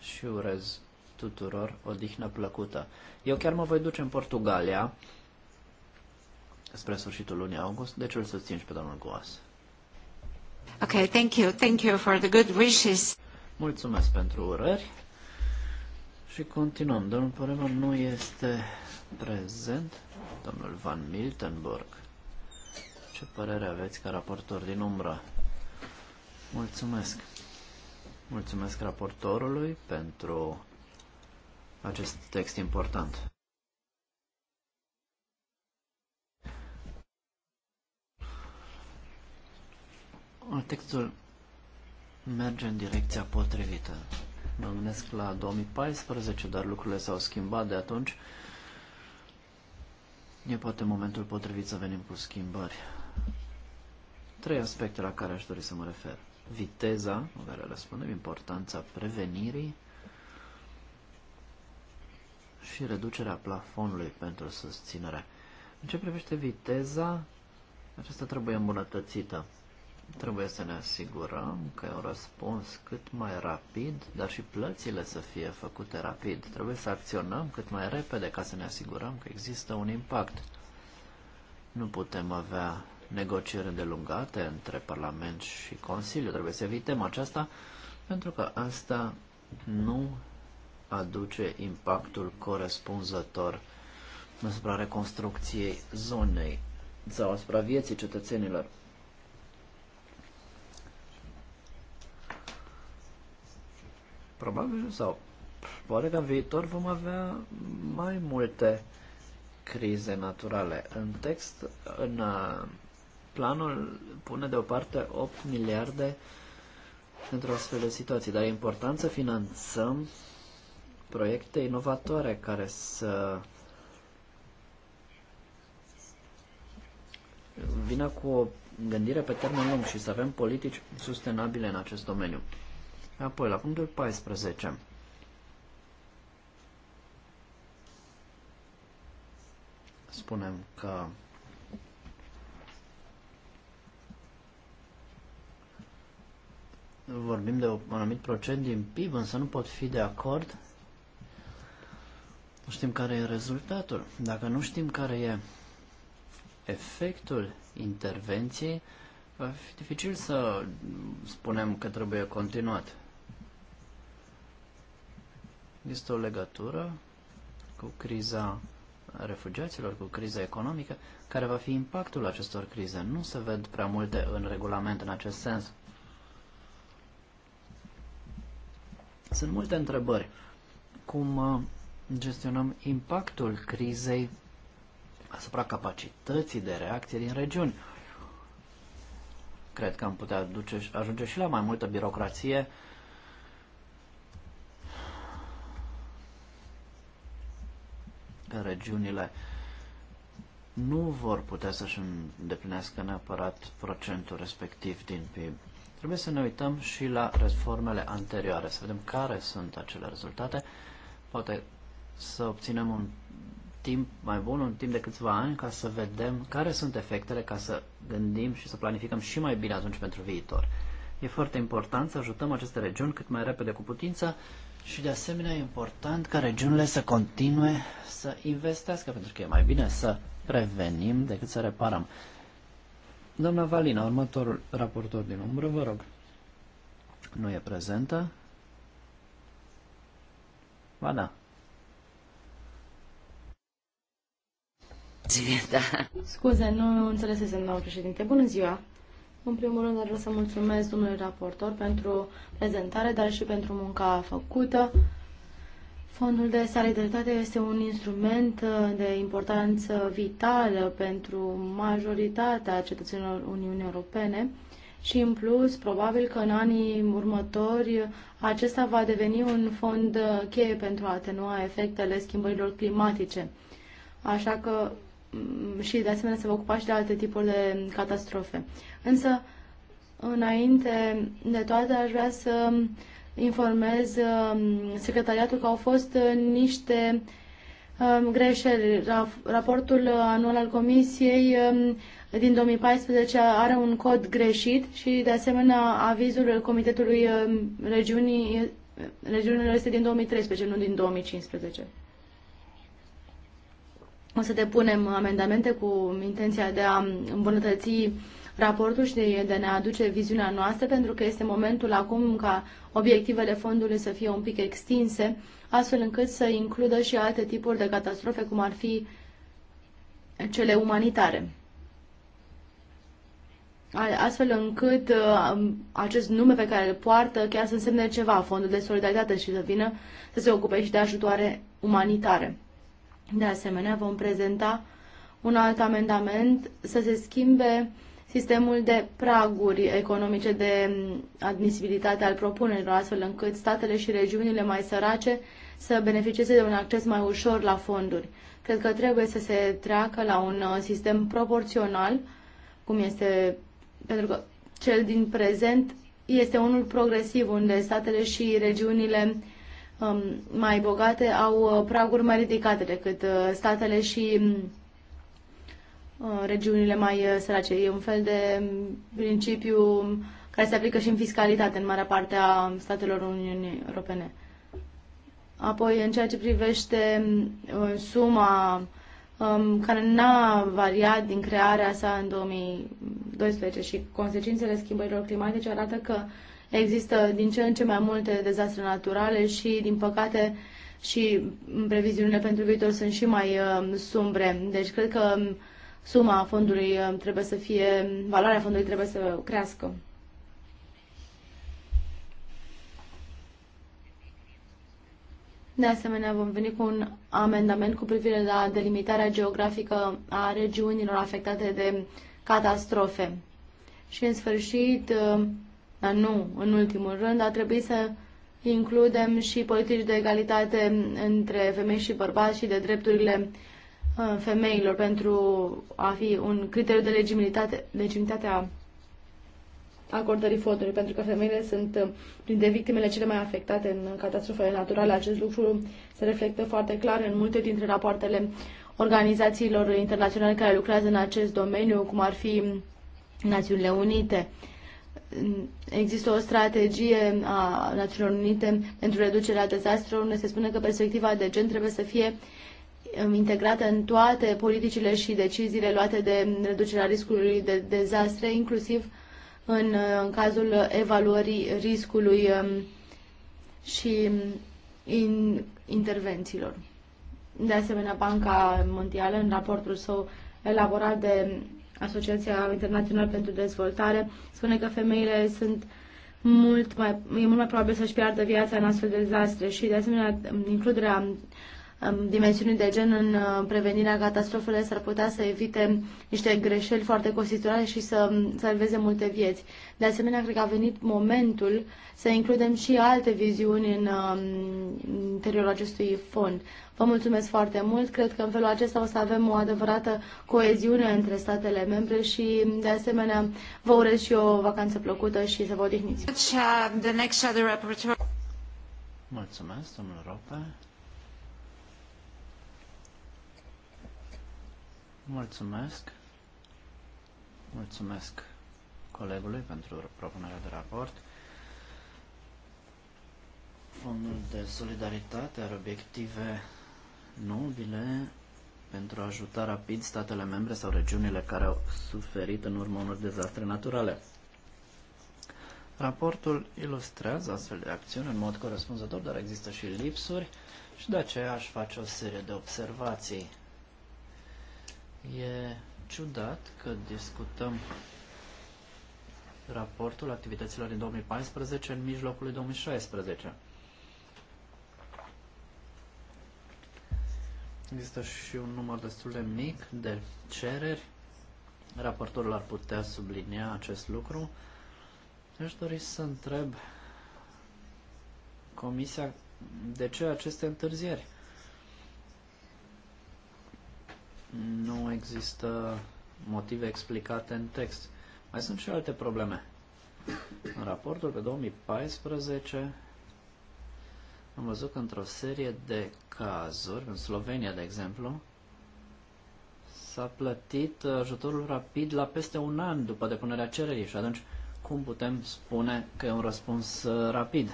și urez tuturor o dihnă plăcută. Eu chiar mă voi duce în Portugalia spre sfârșitul lunii august, deci îl susțin și pe domnul Goas. Ok, thank you, thank you for the good wishes. Mulțumesc pentru urări și continuăm. Domnul Poreman nu este prezent, domnul Van Miltenburg. Ce părere aveți ca raportor din umbră? Mulțumesc! Mulțumesc raportorului pentru acest text important. Textul merge în direcția potrivită. Mă gândesc la 2014, dar lucrurile s-au schimbat de atunci. E poate momentul potrivit să venim cu schimbări. Trei aspecte la care aș dori să mă refer. Viteza, la care răspundem, importanța prevenirii și reducerea plafonului pentru susținere. În ce privește viteza, aceasta trebuie îmbunătățită. Trebuie să ne asigurăm că e un răspuns cât mai rapid, dar și plățile să fie făcute rapid. Trebuie să acționăm cât mai repede ca să ne asigurăm că există un impact. Nu putem avea negocieri îndelungate între Parlament și Consiliu. Trebuie să evităm aceasta pentru că asta nu aduce impactul corespunzător asupra reconstrucției zonei sau asupra vieții cetățenilor. Probabil sau poate că în viitor vom avea mai multe crize naturale. În text, în uh, planul pune deoparte 8 miliarde pentru astfel de situații, dar e important să finanțăm proiecte inovatoare care să vină cu o gândire pe termen lung și să avem politici sustenabile în acest domeniu. Apoi, la punctul 14. Spunem că vorbim de un anumit procent din PIB, însă nu pot fi de acord. Nu știm care e rezultatul. Dacă nu știm care e efectul intervenției, va fi dificil să spunem că trebuie continuat. Este o legătură cu criza refugiaților, cu criza economică, care va fi impactul acestor crize. Nu se ved prea multe în regulament în acest sens. Sunt multe întrebări. Cum uh, gestionăm impactul crizei asupra capacității de reacție din regiuni? Cred că am putea duce, ajunge și la mai multă birocrație. Regiunile nu vor putea să-și îndeplinească neapărat procentul respectiv din PIB. Trebuie să ne uităm și la reformele anterioare, să vedem care sunt acele rezultate. Poate să obținem un timp mai bun, un timp de câțiva ani, ca să vedem care sunt efectele, ca să gândim și să planificăm și mai bine atunci pentru viitor. E foarte important să ajutăm aceste regiuni cât mai repede cu putință și de asemenea e important ca regiunile să continue să investească, pentru că e mai bine să prevenim decât să reparăm. Doamna Valina, următorul raportor din umbră, vă rog. Nu e prezentă. Ba da. Da. Scuze, nu înțelesesem, doamnă președinte. Bună ziua! În primul rând, vreau să mulțumesc domnului raportor pentru prezentare, dar și pentru munca făcută. Fondul de solidaritate este un instrument uh, de importanță vitală pentru majoritatea cetățenilor Uniunii Europene și, în plus, probabil că în anii următori acesta va deveni un fond uh, cheie pentru a atenua efectele schimbărilor climatice. Așa că mm, și, de asemenea, se va ocupa și de alte tipuri de catastrofe. Însă, înainte de toate, aș vrea să uh, informez um, secretariatul că au fost uh, niște um, greșeli. Raportul uh, anual al Comisiei um, din 2014 are un cod greșit și, de asemenea, avizul Comitetului Regiunii, Regiunilor este din 2013, nu din 2015. O să depunem amendamente cu intenția de a îmbunătăți raportul și de ne aduce viziunea noastră, pentru că este momentul acum ca obiectivele fondului să fie un pic extinse, astfel încât să includă și alte tipuri de catastrofe, cum ar fi cele umanitare. Astfel încât uh, acest nume pe care îl poartă chiar să însemne ceva, fondul de solidaritate și să vină să se ocupe și de ajutoare umanitare. De asemenea, vom prezenta un alt amendament să se schimbe sistemul de praguri economice de admisibilitate al propunerilor, astfel încât statele și regiunile mai sărace să beneficieze de un acces mai ușor la fonduri. Cred că trebuie să se treacă la un uh, sistem proporțional, cum este, pentru că cel din prezent este unul progresiv, unde statele și regiunile um, mai bogate au uh, praguri mai ridicate decât uh, statele și mm, Uh, regiunile mai uh, sărace. E un fel de mm, principiu care se aplică și în fiscalitate în marea parte a statelor Uniunii Europene. Apoi, în ceea ce privește mm, uh, suma um, care n-a variat din crearea sa în 2012 și consecințele schimbărilor climatice arată că există din ce în ce mai multe dezastre naturale și, din păcate, și mm, previziunile pentru viitor sunt și mai sumbre. Deci cred că suma fondului uh, trebuie să fie, valoarea fondului trebuie să crească. De asemenea, vom veni cu un amendament cu privire la delimitarea geografică a regiunilor afectate de catastrofe. Și, în sfârșit, uh, dar nu în ultimul rând, a trebui să includem și politici de egalitate între femei și bărbați și de drepturile Uh, femeilor pentru a fi un criteriu de legitimitate, legitimitate a acordării fondului, pentru că femeile sunt uh, printre victimele cele mai afectate în catastrofele naturale. Acest lucru se reflectă foarte clar în multe dintre rapoartele organizațiilor internaționale care lucrează în acest domeniu, cum ar fi Națiunile Unite. Există o strategie a Națiunilor Unite pentru reducerea dezastrelor, unde se spune că perspectiva de gen trebuie să fie uh, Um, integrată în toate politicile și deciziile luate de reducerea riscului de dezastre, inclusiv în, uh, în cazul evaluării riscului um, și um, in, intervențiilor. De asemenea, Banca Mondială, în raportul său elaborat de Asociația Internațională pentru Dezvoltare, spune că femeile sunt mult mai, e mult mai probabil să-și piardă viața în astfel de dezastre și, de asemenea, includerea Um, dimensiunii de gen în uh, prevenirea catastrofelor s-ar putea să evite niște greșeli foarte costisitoare și să um, salveze multe vieți. De asemenea, cred că a venit momentul să includem și alte viziuni um, în interiorul acestui fond. Vă mulțumesc foarte mult. Cred că în felul acesta o să avem o adevărată coeziune între statele membre și, de asemenea, vă urez și o vacanță plăcută și să vă odihniți. Mulțumesc, domnul Rope. Mulțumesc. Mulțumesc colegului pentru propunerea de raport. Fondul de solidaritate are obiective nobile pentru a ajuta rapid statele membre sau regiunile care au suferit în urma unor dezastre naturale. Raportul ilustrează astfel de acțiuni în mod corespunzător, dar există și lipsuri și de aceea aș face o serie de observații E ciudat că discutăm raportul activităților din 2014 în mijlocul lui 2016. Există și un număr destul de mic de cereri. Raportorul ar putea sublinia acest lucru. Aș dori să întreb Comisia de ce aceste întârzieri? nu există motive explicate în text. Mai sunt și alte probleme. În raportul pe 2014 am văzut că într-o serie de cazuri, în Slovenia de exemplu, s-a plătit ajutorul rapid la peste un an după depunerea cererii și atunci cum putem spune că e un răspuns uh, rapid?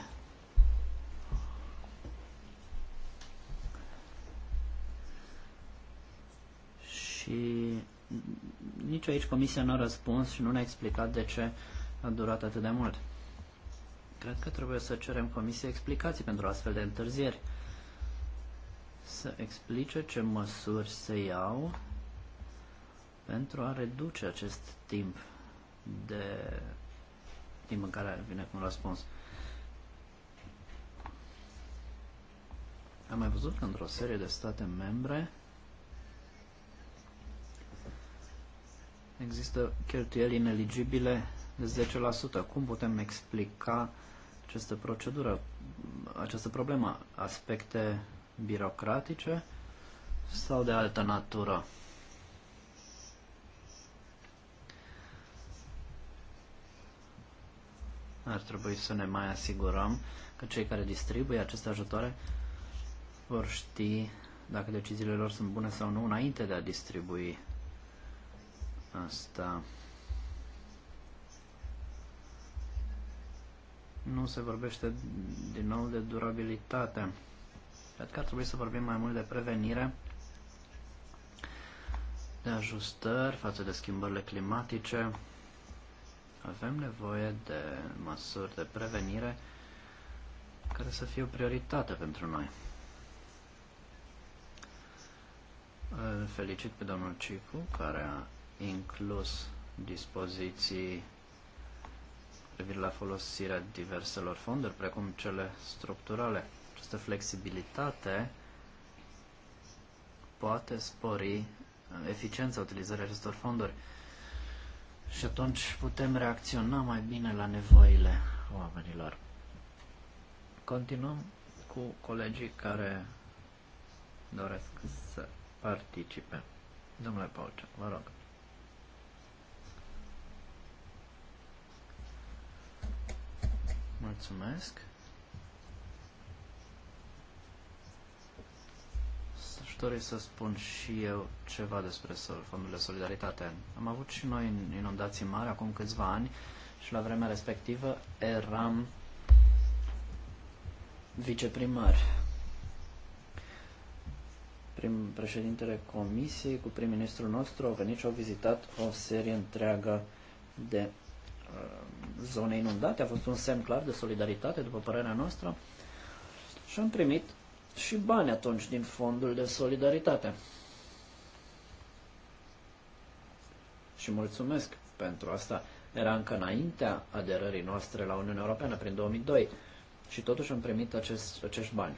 și nici aici Comisia nu a răspuns și nu ne-a explicat de ce a durat atât de mult. Cred că trebuie să cerem Comisiei explicații pentru astfel de întârzieri. Să explice ce măsuri se iau pentru a reduce acest timp de timp în care vine un răspuns. Am mai văzut că într-o serie de state membre există cheltuieli ineligibile de 10%. Cum putem explica această procedură, această problemă? Aspecte birocratice sau de altă natură? Ar trebui să ne mai asigurăm că cei care distribuie aceste ajutoare vor ști dacă deciziile lor sunt bune sau nu înainte de a distribui asta. Nu se vorbește din nou de durabilitate. Cred că ar trebui să vorbim mai mult de prevenire, de ajustări față de schimbările climatice. Avem nevoie de măsuri de prevenire care să fie o prioritate pentru noi. Îl felicit pe domnul Cicu, care a inclus dispoziții privire la folosirea diverselor fonduri, precum cele structurale. Această flexibilitate poate spori eficiența utilizării acestor fonduri și atunci putem reacționa mai bine la nevoile oamenilor. Continuăm cu colegii care doresc să participe. Domnule Pauce, vă rog. Mulțumesc. Aș dori să spun și eu ceva despre fondurile solidaritate. Am avut și noi inundații mari acum câțiva ani și la vremea respectivă eram viceprimar. Prim președintele comisiei cu prim-ministrul nostru au venit și au vizitat o serie întreagă de uh, zone inundate a fost un semn clar de solidaritate, după părerea noastră, și am primit și bani atunci din fondul de solidaritate. Și mulțumesc pentru asta. Era încă înaintea aderării noastre la Uniunea Europeană, prin 2002, și totuși am primit acest, acești bani.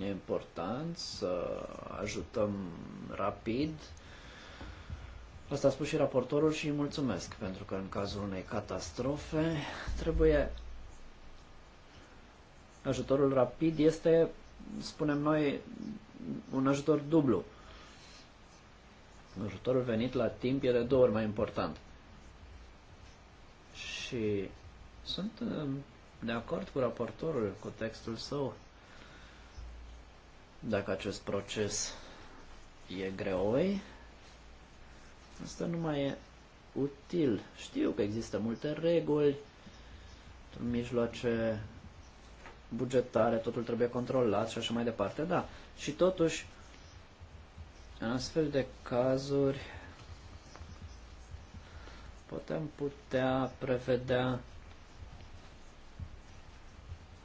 E important să ajutăm rapid uh, Asta a spus și raportorul și îi mulțumesc, pentru că în cazul unei catastrofe trebuie ajutorul rapid este, spunem noi, un ajutor dublu. Ajutorul venit la timp e de două ori mai important. Și sunt uh, de acord cu raportorul, cu textul său. Dacă acest proces e greoi, Asta nu mai e util. Știu că există multe reguli, mijloace bugetare, totul trebuie controlat și așa mai departe, da. Și totuși, în astfel de cazuri, putem putea prevedea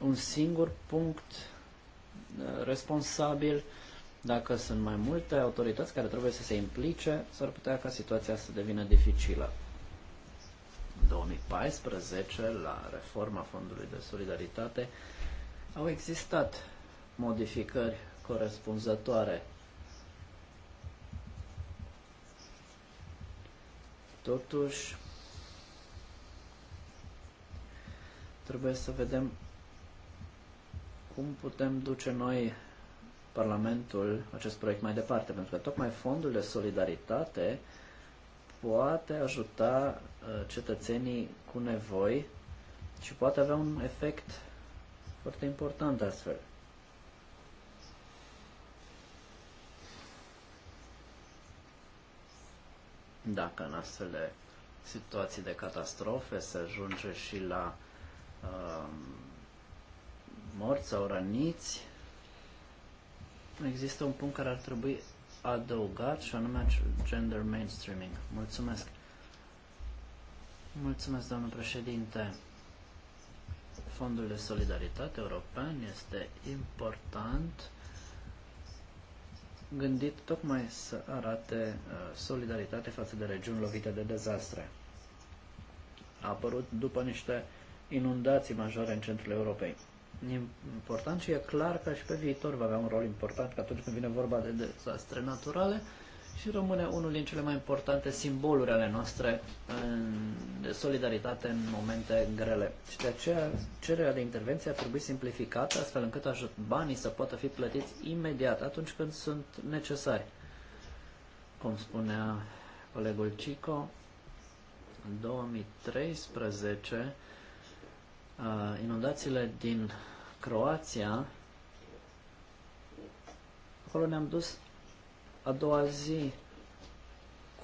un singur punct uh, responsabil dacă sunt mai multe autorități care trebuie să se implice, s-ar putea ca situația să devină dificilă. În 2014, la reforma Fondului de Solidaritate, au existat modificări corespunzătoare. Totuși, trebuie să vedem cum putem duce noi Parlamentul acest proiect mai departe, pentru că tocmai fondul de solidaritate poate ajuta uh, cetățenii cu nevoi și poate avea un efect foarte important astfel. Dacă în astfel de situații de catastrofe se ajunge și la uh, morți sau răniți, există un punct care ar trebui adăugat și anume gender mainstreaming. Mulțumesc. Mulțumesc, domnul președinte. Fondul de solidaritate european este important gândit tocmai să arate uh, solidaritate față de regiuni lovite de dezastre. A apărut după niște inundații majore în centrul Europei important și e clar că și pe viitor va avea un rol important că atunci când vine vorba de dezastre naturale și rămâne unul din cele mai importante simboluri ale noastre de solidaritate în momente grele. Și de aceea cererea de intervenție ar trebui simplificată astfel încât ajut banii să poată fi plătiți imediat atunci când sunt necesari. Cum spunea colegul Cico, în 2013 uh, inundațiile din Croația, acolo ne-am dus a doua zi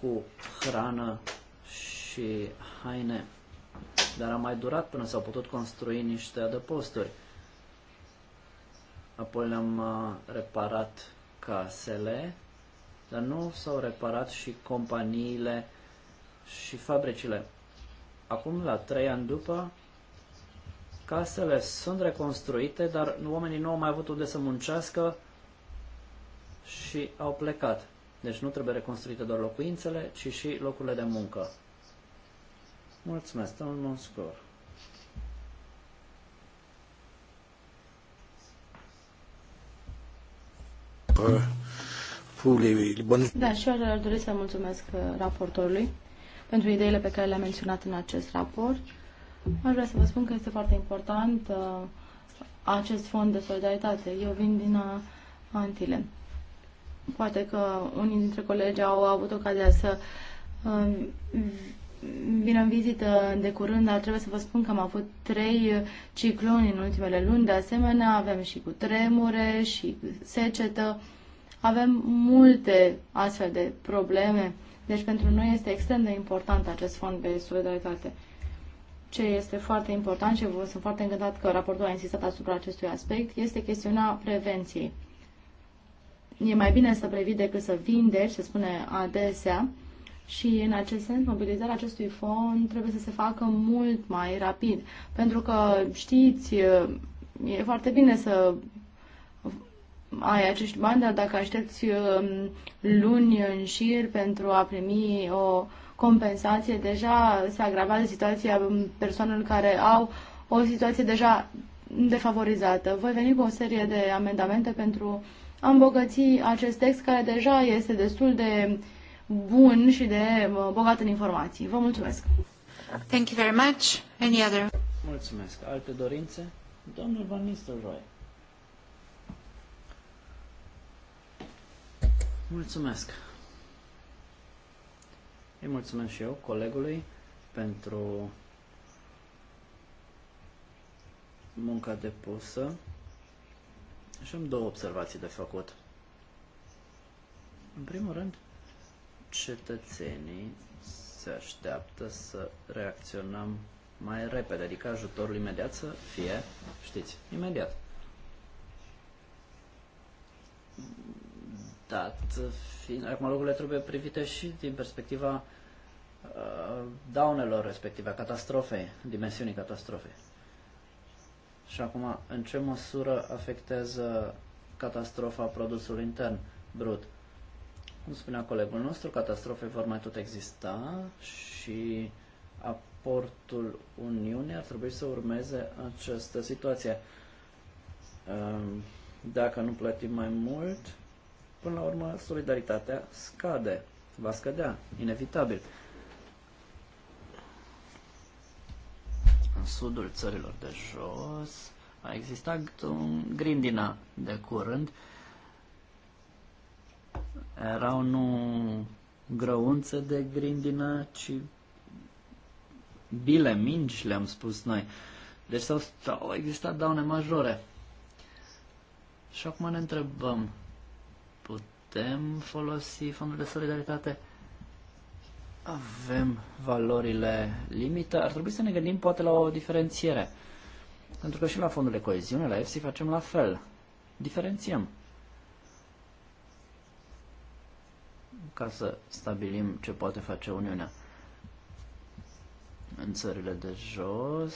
cu hrană și haine, dar a mai durat până s-au putut construi niște adăposturi. Apoi le-am uh, reparat casele, dar nu s-au reparat și companiile și fabricile. Acum, la trei ani după, Casele sunt reconstruite, dar oamenii nu au mai avut unde să muncească și au plecat. Deci nu trebuie reconstruite doar locuințele, ci și locurile de muncă. Mulțumesc, domnul Monscor. Da, și eu aș dori să mulțumesc uh, raportorului pentru ideile pe care le-a menționat în acest raport. Aș vrea să vă spun că este foarte important uh, acest fond de solidaritate. Eu vin din uh, Antile. Poate că unii dintre colegi au avut ocazia să uh, vină în vizită de curând, dar trebuie să vă spun că am avut trei cicloni în ultimele luni. De asemenea, avem și cu tremure și secetă. Avem multe astfel de probleme. Deci pentru noi este extrem de important acest fond de solidaritate ce este foarte important și vă sunt foarte încântat că raportul a insistat asupra acestui aspect, este chestiunea prevenției. E mai bine să previi decât să vindeci, se spune adesea, și în acest sens mobilizarea acestui fond trebuie să se facă mult mai rapid, pentru că știți, e foarte bine să ai acești bani, dar dacă aștepți um, luni în șir pentru a primi o compensație, deja se agravează situația persoanelor care au o situație deja defavorizată. Voi veni cu o serie de amendamente pentru a îmbogăți acest text care deja este destul de bun și de bogat în informații. Vă mulțumesc! Thank you very much. Any other? Mulțumesc. Alte dorințe? Domnul Van Nistelrooy. Mulțumesc. Îi mulțumesc și eu colegului pentru munca depusă și am două observații de făcut. În primul rând, cetățenii se așteaptă să reacționăm mai repede, adică ajutorul imediat să fie, știți, imediat dat. Fiind, acum lucrurile trebuie privite și din perspectiva uh, daunelor respective, a catastrofei, dimensiunii catastrofei. Și acum, în ce măsură afectează catastrofa produsul intern brut? Cum spunea colegul nostru, catastrofe vor mai tot exista și aportul Uniunii ar trebui să urmeze această situație. Uh, dacă nu plătim mai mult, până la urmă solidaritatea scade, va scădea, inevitabil. În sudul țărilor de jos a existat un grindina de curând. Erau nu grăunțe de grindină, ci bile minci, le-am spus noi. Deci au existat daune majore. Și acum ne întrebăm, putem folosi fondul de solidaritate? Avem valorile limită, ar trebui să ne gândim poate la o diferențiere. Pentru că și la fondul de coeziune, la EFSI, facem la fel. Diferențiem. Ca să stabilim ce poate face Uniunea. În țările de jos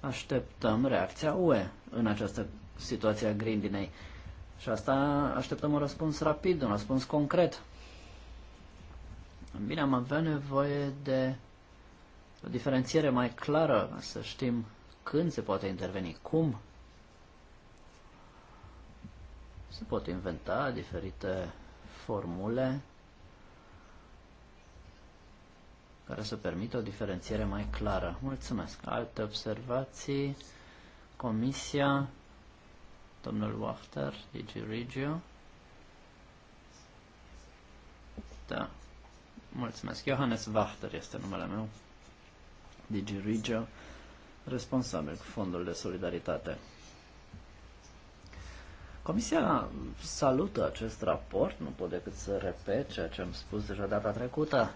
așteptăm reacția UE în această situație a grindinei. Și asta așteptăm un răspuns rapid, un răspuns concret. Bine, am avea nevoie de o diferențiere mai clară, să știm când se poate interveni, cum se pot inventa diferite formule care să permită o diferențiere mai clară. Mulțumesc. Alte observații? Comisia? domnul Wachter, DG Regio. Da. Mulțumesc. Johannes Wachter este numele meu. DG Regio, responsabil cu Fondul de Solidaritate. Comisia salută acest raport, nu pot decât să repet ceea ce am spus deja data trecută.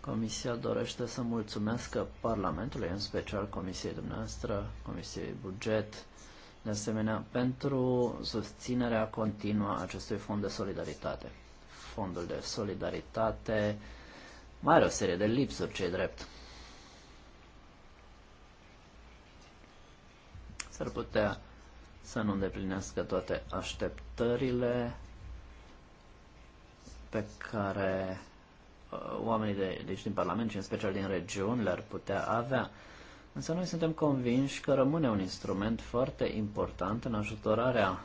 Comisia dorește să mulțumesc Parlamentului, în special Comisiei dumneavoastră, Comisiei Buget, de asemenea pentru susținerea continuă a acestui fond de solidaritate. Fondul de solidaritate mai are o serie de lipsuri, cei drept. S-ar putea să nu îndeplinească toate așteptările pe care uh, oamenii de, deci din Parlament și în special din regiuni le-ar putea avea. Însă noi suntem convinși că rămâne un instrument foarte important în ajutorarea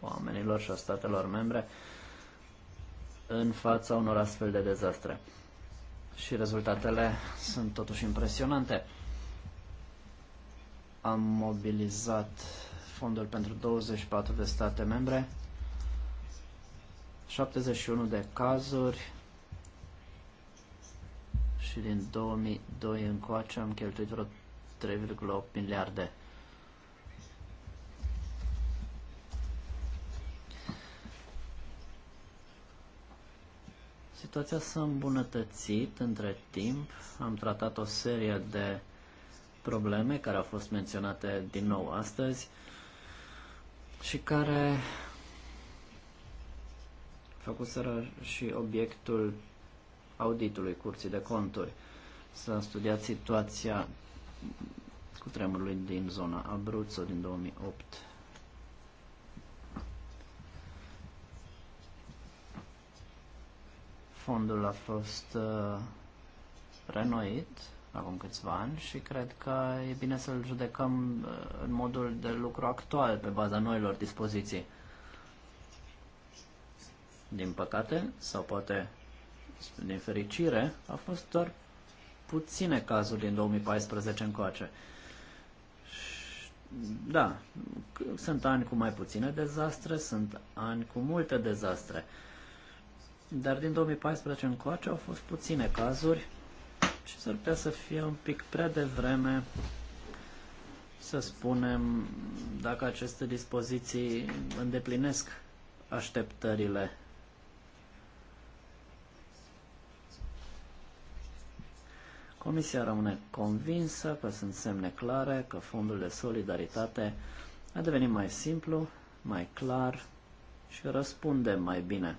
oamenilor și a statelor membre în fața unor astfel de dezastre. Și rezultatele sunt totuși impresionante. Am mobilizat fondul pentru 24 de state membre, 71 de cazuri și din 2002 încoace am cheltuit vreo 3,8 miliarde. Situația s-a îmbunătățit între timp. Am tratat o serie de probleme care au fost menționate din nou astăzi și care făcuseră și obiectul auditului Curții de Conturi. S-a studiat situația cu tremurului din zona Abruzzo din 2008. Fondul a fost uh, renoit acum câțiva ani și cred că e bine să-l judecăm uh, în modul de lucru actual, pe baza noilor dispoziții. Din păcate, sau poate din fericire, a fost doar puține cazuri din 2014 încoace. Da, sunt ani cu mai puține dezastre, sunt ani cu multe dezastre. Dar din 2014 încoace au fost puține cazuri și s-ar putea să fie un pic prea devreme să spunem dacă aceste dispoziții îndeplinesc așteptările Comisia rămâne convinsă că sunt semne clare că fondul de solidaritate a devenit mai simplu, mai clar și răspunde mai bine.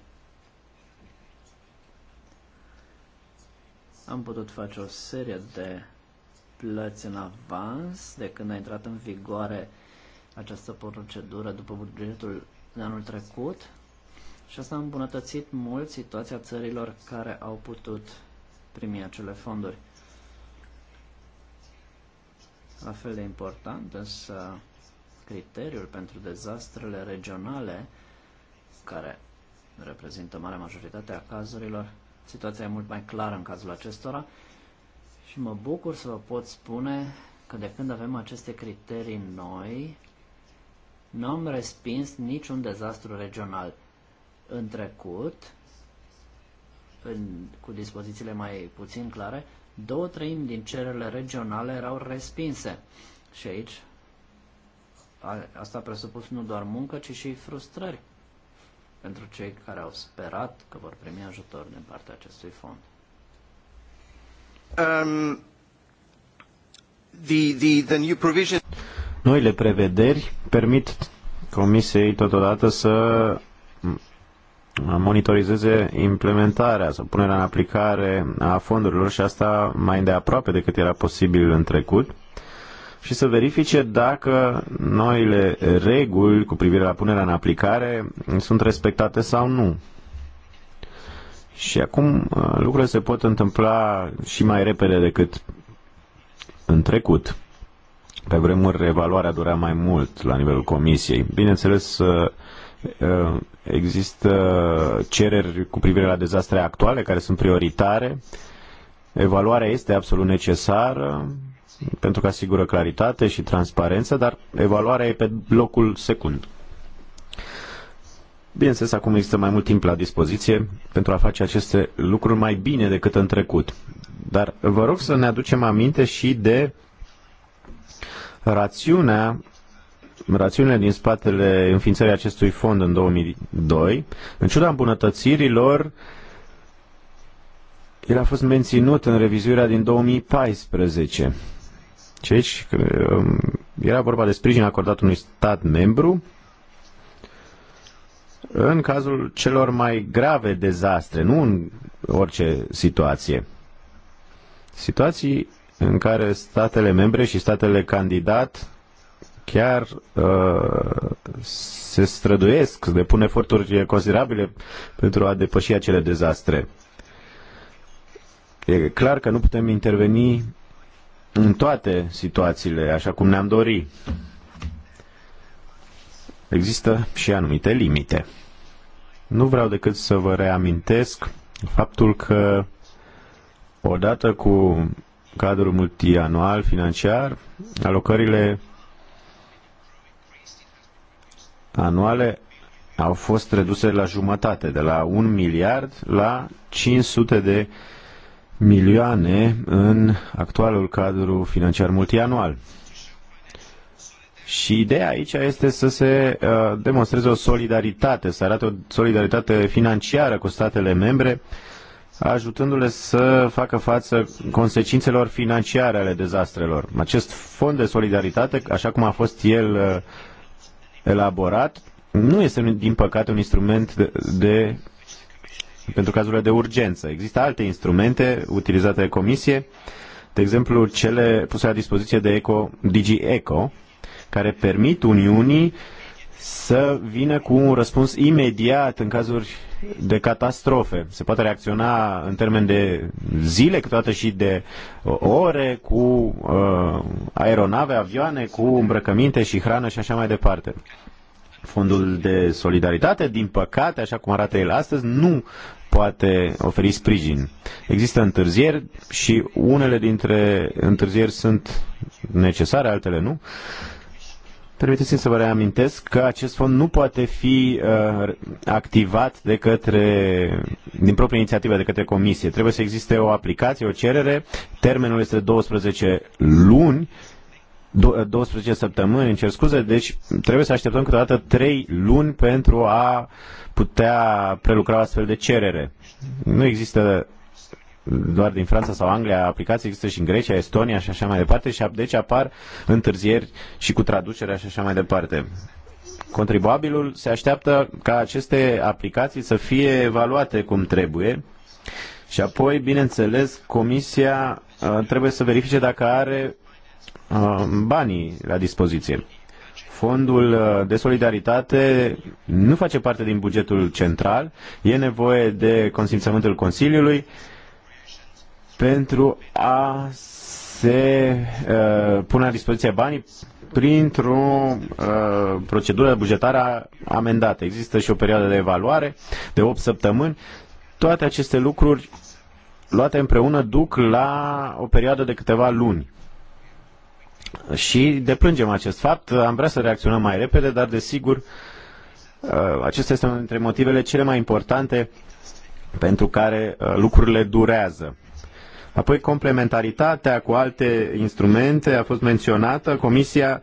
Am putut face o serie de plăți în avans de când a intrat în vigoare această procedură după bugetul de anul trecut și asta a îmbunătățit mult situația țărilor care au putut primi acele fonduri. La fel de important, însă, criteriul pentru dezastrele regionale, care reprezintă marea majoritate a cazurilor, situația e mult mai clară în cazul acestora și mă bucur să vă pot spune că de când avem aceste criterii noi, nu am respins niciun dezastru regional. În trecut, în, cu dispozițiile mai puțin clare, două treimi din cererile regionale erau respinse. Și aici asta a presupus nu doar muncă, ci și frustrări pentru cei care au sperat că vor primi ajutor din partea acestui fond. Um, the, the, the new provision... Noile prevederi permit Comisiei totodată să monitorizeze implementarea sau punerea în aplicare a fondurilor și asta mai de aproape decât era posibil în trecut și să verifice dacă noile reguli cu privire la punerea în aplicare sunt respectate sau nu. Și acum uh, lucrurile se pot întâmpla și mai repede decât în trecut. Pe vremuri, evaluarea dura mai mult la nivelul comisiei. Bineînțeles, uh, Ehm, există cereri cu privire la dezastre actuale care sunt prioritare. Evaluarea este absolut necesară pentru că asigură claritate și transparență, dar evaluarea e pe locul secund. Bineînțeles, acum există mai mult timp la dispoziție pentru a face aceste lucruri mai bine decât în trecut. Dar vă rog să ne aducem aminte și de rațiunea rațiunile din spatele înființării acestui fond în 2002, în ciuda îmbunătățirilor, el a fost menținut în revizuirea din 2014. Deci, um, era vorba de sprijin acordat unui stat membru în cazul celor mai grave dezastre, nu în orice situație. Situații în care statele membre și statele candidat chiar uh, se străduiesc, depun eforturi considerabile pentru a depăși acele dezastre. E clar că nu putem interveni în toate situațiile așa cum ne-am dorit. Există și anumite limite. Nu vreau decât să vă reamintesc faptul că odată cu cadrul multianual financiar, alocările anuale au fost reduse la jumătate, de la 1 miliard la 500 de milioane în actualul cadru financiar multianual. Și ideea aici este să se uh, demonstreze o solidaritate, să arate o solidaritate financiară cu statele membre, ajutându-le să facă față consecințelor financiare ale dezastrelor. Acest fond de solidaritate, așa cum a fost el uh, elaborat nu este, din păcate, un instrument de, de pentru cazurile de urgență. Există alte instrumente utilizate de comisie, de exemplu cele puse la dispoziție de Eco, DigiEco, care permit Uniunii uh, să vină cu un răspuns imediat în cazuri de catastrofe. Se poate reacționa în termen de zile, câteodată și de ore, cu uh, aeronave, avioane, cu îmbrăcăminte și hrană și așa mai departe. Fondul de solidaritate, din păcate, așa cum arată el astăzi, nu poate oferi sprijin. Există întârzieri și unele dintre întârzieri sunt necesare, altele nu. Uh, Permiteți-mi să vă reamintesc că acest fond nu poate fi uh, activat de către, din proprie inițiativă de către comisie. Trebuie să existe o aplicație, o cerere. Termenul este 12 luni, 12 uh, săptămâni, îmi cer scuze, deci trebuie să așteptăm câteodată 3 luni pentru a putea prelucra astfel de cerere. Nu există doar din Franța sau Anglia, aplicații există și în Grecia, Estonia și așa mai departe și deci apar întârzieri și cu traducerea și așa mai departe. Contribuabilul se așteaptă ca aceste aplicații să fie evaluate cum trebuie și apoi, bineînțeles, comisia uh, trebuie să verifice dacă are uh, banii la dispoziție. Fondul uh, de solidaritate nu face parte din bugetul central, e nevoie de consimțământul Consiliului pentru a se uh, pune la dispoziție banii printr-o uh, procedură bugetară amendată. Există și o perioadă de evaluare de 8 săptămâni. Toate aceste lucruri luate împreună duc la o perioadă de câteva luni. Și deplângem acest fapt, am vrea să reacționăm mai repede, dar desigur uh, acesta este unul dintre motivele cele mai importante pentru care uh, lucrurile durează. Apoi complementaritatea cu alte instrumente a fost menționată. Comisia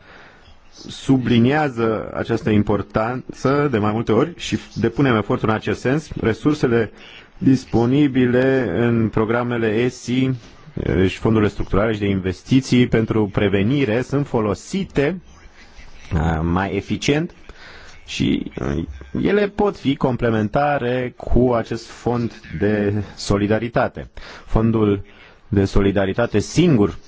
subliniază această importanță de mai multe ori și depunem efortul în acest sens. Resursele disponibile în programele ESI eh, și fondurile structurale și de investiții pentru prevenire sunt folosite eh, mai eficient și eh, ele pot fi complementare cu acest fond de solidaritate. Fondul de solidaritate singur,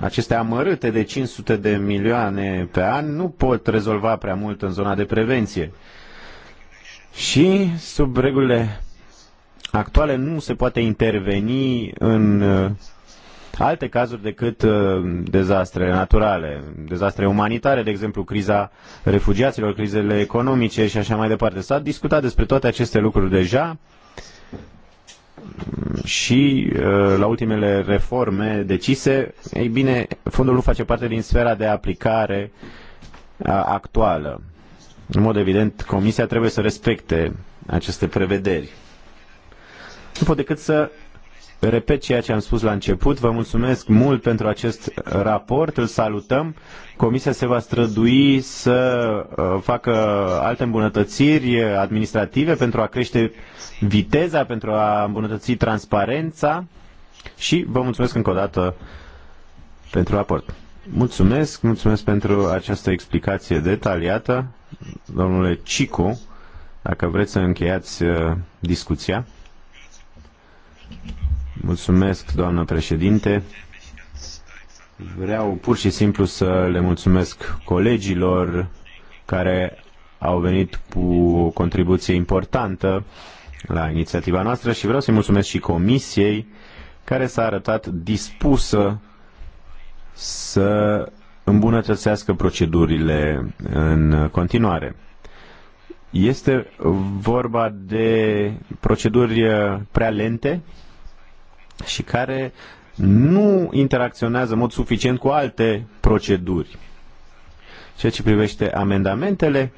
aceste amărâte de 500 de milioane pe an nu pot rezolva prea mult în zona de prevenție. Și sub regulile actuale nu se poate interveni în uh, alte cazuri decât uh, dezastre naturale, dezastre umanitare, de exemplu, criza refugiaților, crizele economice și așa mai departe. S-a discutat despre toate aceste lucruri deja și uh, la ultimele reforme decise, ei bine, fondul nu face parte din sfera de aplicare uh, actuală. În mod evident, Comisia trebuie să respecte aceste prevederi. Nu pot decât să repet ceea ce am spus la început. Vă mulțumesc mult pentru acest raport, îl salutăm. Comisia se va strădui să uh, facă alte îmbunătățiri administrative pentru a crește viteza, pentru a îmbunătăți transparența și vă mulțumesc încă o dată pentru raport. Mulțumesc, mulțumesc pentru această explicație detaliată, domnule Cicu, dacă vreți să încheiați uh, discuția. Mulțumesc, doamnă președinte. Vreau pur și simplu să le mulțumesc colegilor care au venit cu o contribuție importantă la inițiativa noastră și vreau să-i mulțumesc și comisiei care s-a arătat dispusă să îmbunătățească procedurile în continuare. Este vorba de proceduri prea lente și care nu interacționează în mod suficient cu alte proceduri. Ceea ce privește amendamentele,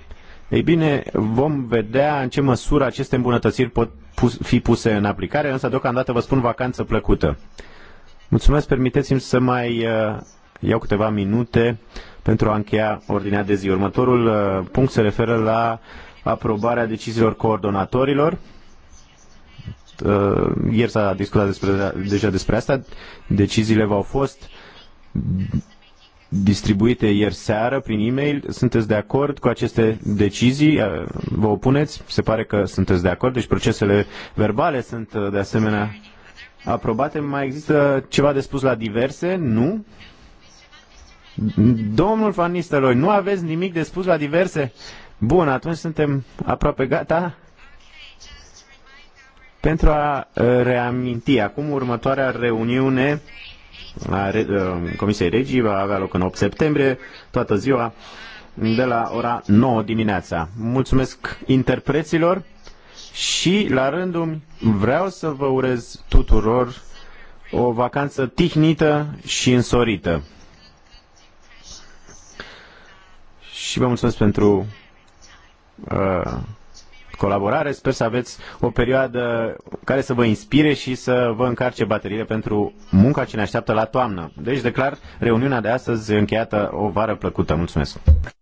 ei bine, vom vedea în ce măsură aceste îmbunătățiri pot fi puse în aplicare, însă deocamdată vă spun vacanță plăcută. Mulțumesc, permiteți-mi să mai uh, iau câteva minute pentru a încheia ordinea de zi. Următorul uh, punct se referă la aprobarea deciziilor coordonatorilor. Uh, ieri s-a discutat despre, deja despre asta, deciziile v-au fost distribuite ieri seară prin e-mail. Sunteți de acord cu aceste decizii? Uh, vă opuneți? Se pare că sunteți de acord, deci procesele verbale sunt uh, de asemenea aprobate. Mai există ceva de spus la diverse? Nu? Domnul Van Nistelrooy, nu aveți nimic de spus la diverse? Bun, atunci suntem aproape gata. Pentru a uh, reaminti, acum următoarea reuniune a uh, Comisiei Regii va avea loc în 8 septembrie, toată ziua, de la ora 9 dimineața. Mulțumesc interpreților și, la rândul vreau să vă urez tuturor o vacanță tihnită și însorită. Și vă mulțumesc pentru uh, colaborare. Sper să aveți o perioadă care să vă inspire și să vă încarce bateriile pentru munca ce ne așteaptă la toamnă. Deci declar reuniunea de astăzi încheiată o vară plăcută. Mulțumesc!